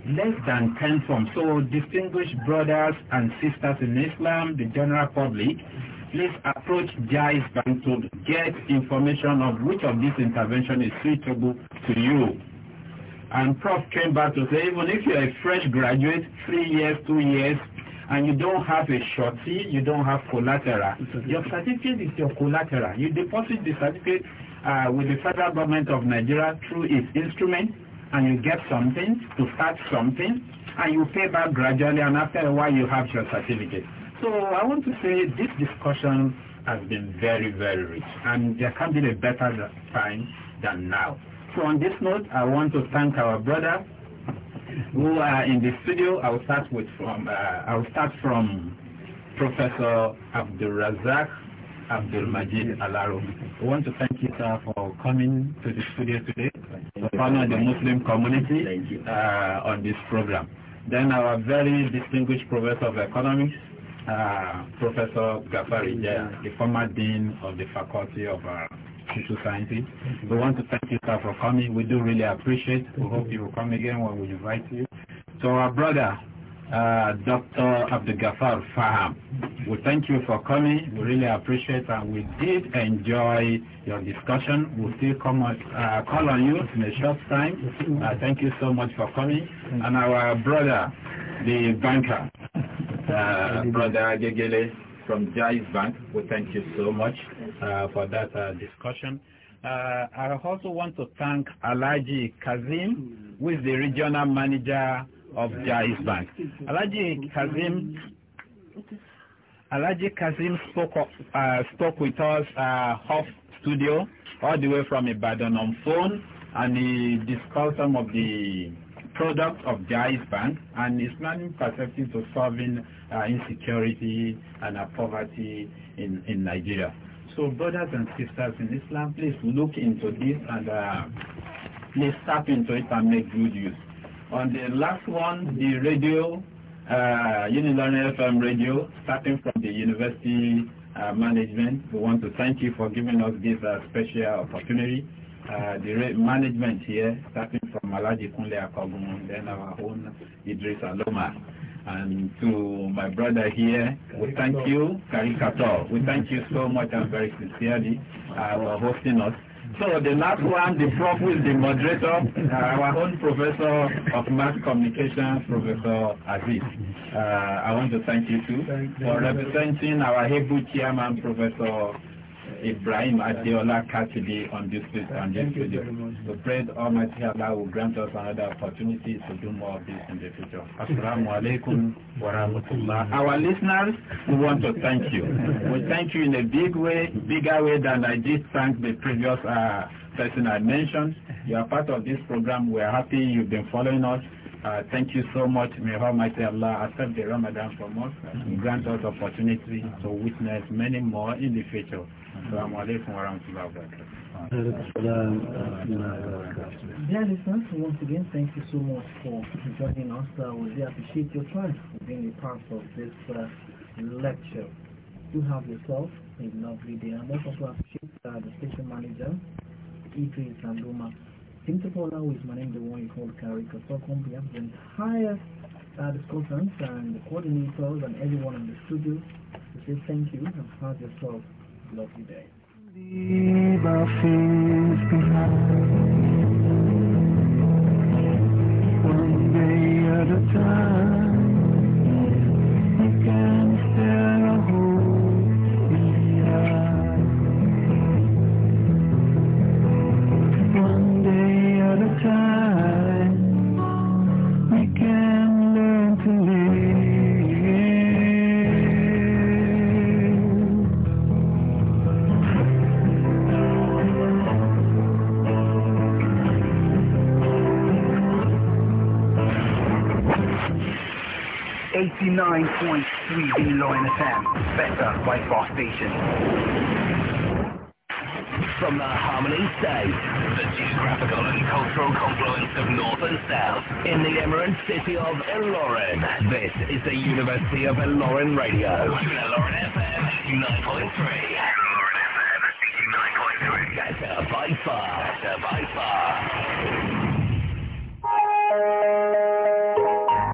Less than 10 forms. So distinguished brothers and sisters in Islam, the general public, please approach Jais Bank to get information of which of this intervention is suitable to you. And Prof came back to say, even if you're a fresh graduate, three years, two years, and you don't have a shorty, you don't have collateral. Your certificate is your collateral. You deposit the certificate uh, with the federal government of Nigeria through its instrument and you get something to start something and you pay back gradually and after a while you have your certificate. So I want to say this discussion has been very, very rich and there can't be a better time than now. So on this note, I want to thank our brother who are uh, in the studio. I will start with from, uh, I will start from Professor Abdul Razak Abdul Majid Alaro. We want to thank you, sir, for coming to the studio today to of the Muslim community uh, on this program. Then our very distinguished Professor of Economics, uh, Professor Gafari Jaya, the former Dean of the Faculty of uh, Social Sciences. We want to thank you, sir, for coming. We do really appreciate. We hope you will come again when we invite you. So our brother, uh, Doctor Dr. Gafar Faham. We thank you for coming. We really appreciate and we did enjoy your discussion. We'll still come on, uh, call on you in a short time. Uh, thank you so much for coming. And our brother, the banker, uh, Brother Gegele from Jais Bank, we thank you so much uh, for that discussion. I also want to thank Alaji Kazim, who is the regional manager of Jais Bank. Alaji Kazim, Alaji Kazim spoke, uh, spoke with us uh, off studio all the way from Ibadan on phone and he discussed some of the products of Jais Bank and Islamic perspective to solving uh, insecurity and uh, poverty in, in Nigeria. So brothers and sisters in Islam, please look into this and uh, please tap into it and make good use. On the last one, the radio, uh, FM radio, starting from the university uh, management, we want to thank you for giving us this uh, special opportunity. Uh, the management here, starting from Malaji Kunle Akogun, then our own Idris Aloma. And to my brother here, we thank you, Karikato. We thank you so much and very sincerely uh, for hosting us. So the last one, the prof is the moderator, uh, our own professor of mass communication, Professor Aziz. Uh, I want to thank you too thank for representing our Hebrew chairman, Professor Ibrahim Adeola Cassidy on this place and this video. We pray Almighty Allah will grant us another opportunity to do more of this in the future. Assalamu alaikum wa rahmatullah. Our listeners, we want to thank you. We thank you in a big way, bigger way than I did thank the previous uh, person I mentioned. You are part of this program. We are happy you've been following us. Uh, thank you so much. May Almighty Allah accept the Ramadan from us and grant us opportunity to witness many more in the future. Assalamu alaikum wa rahmatullahi wa barakatuh. Dear listeners, once again, thank you so much for joining us. Uh, we really appreciate your time for being a part of this uh, lecture. You have yourself a lovely day. I must also appreciate uh, the station manager, Idris Andoma. Simtapola, who is name the one you call Kari Kasokon, we have the entire uh, discussants and the coordinators and everyone in the studio. We say thank you and have yourself Lovely day. One day at a time, can a in One day at a time, we can. 9.3 below NSM. Better by far Station. From the Harmony State, the geographical and cultural confluence of North and South, in the emerald city of Elorin, this is the University of Elorin Radio. Elorin FM 9.3. Better by far. Better by far.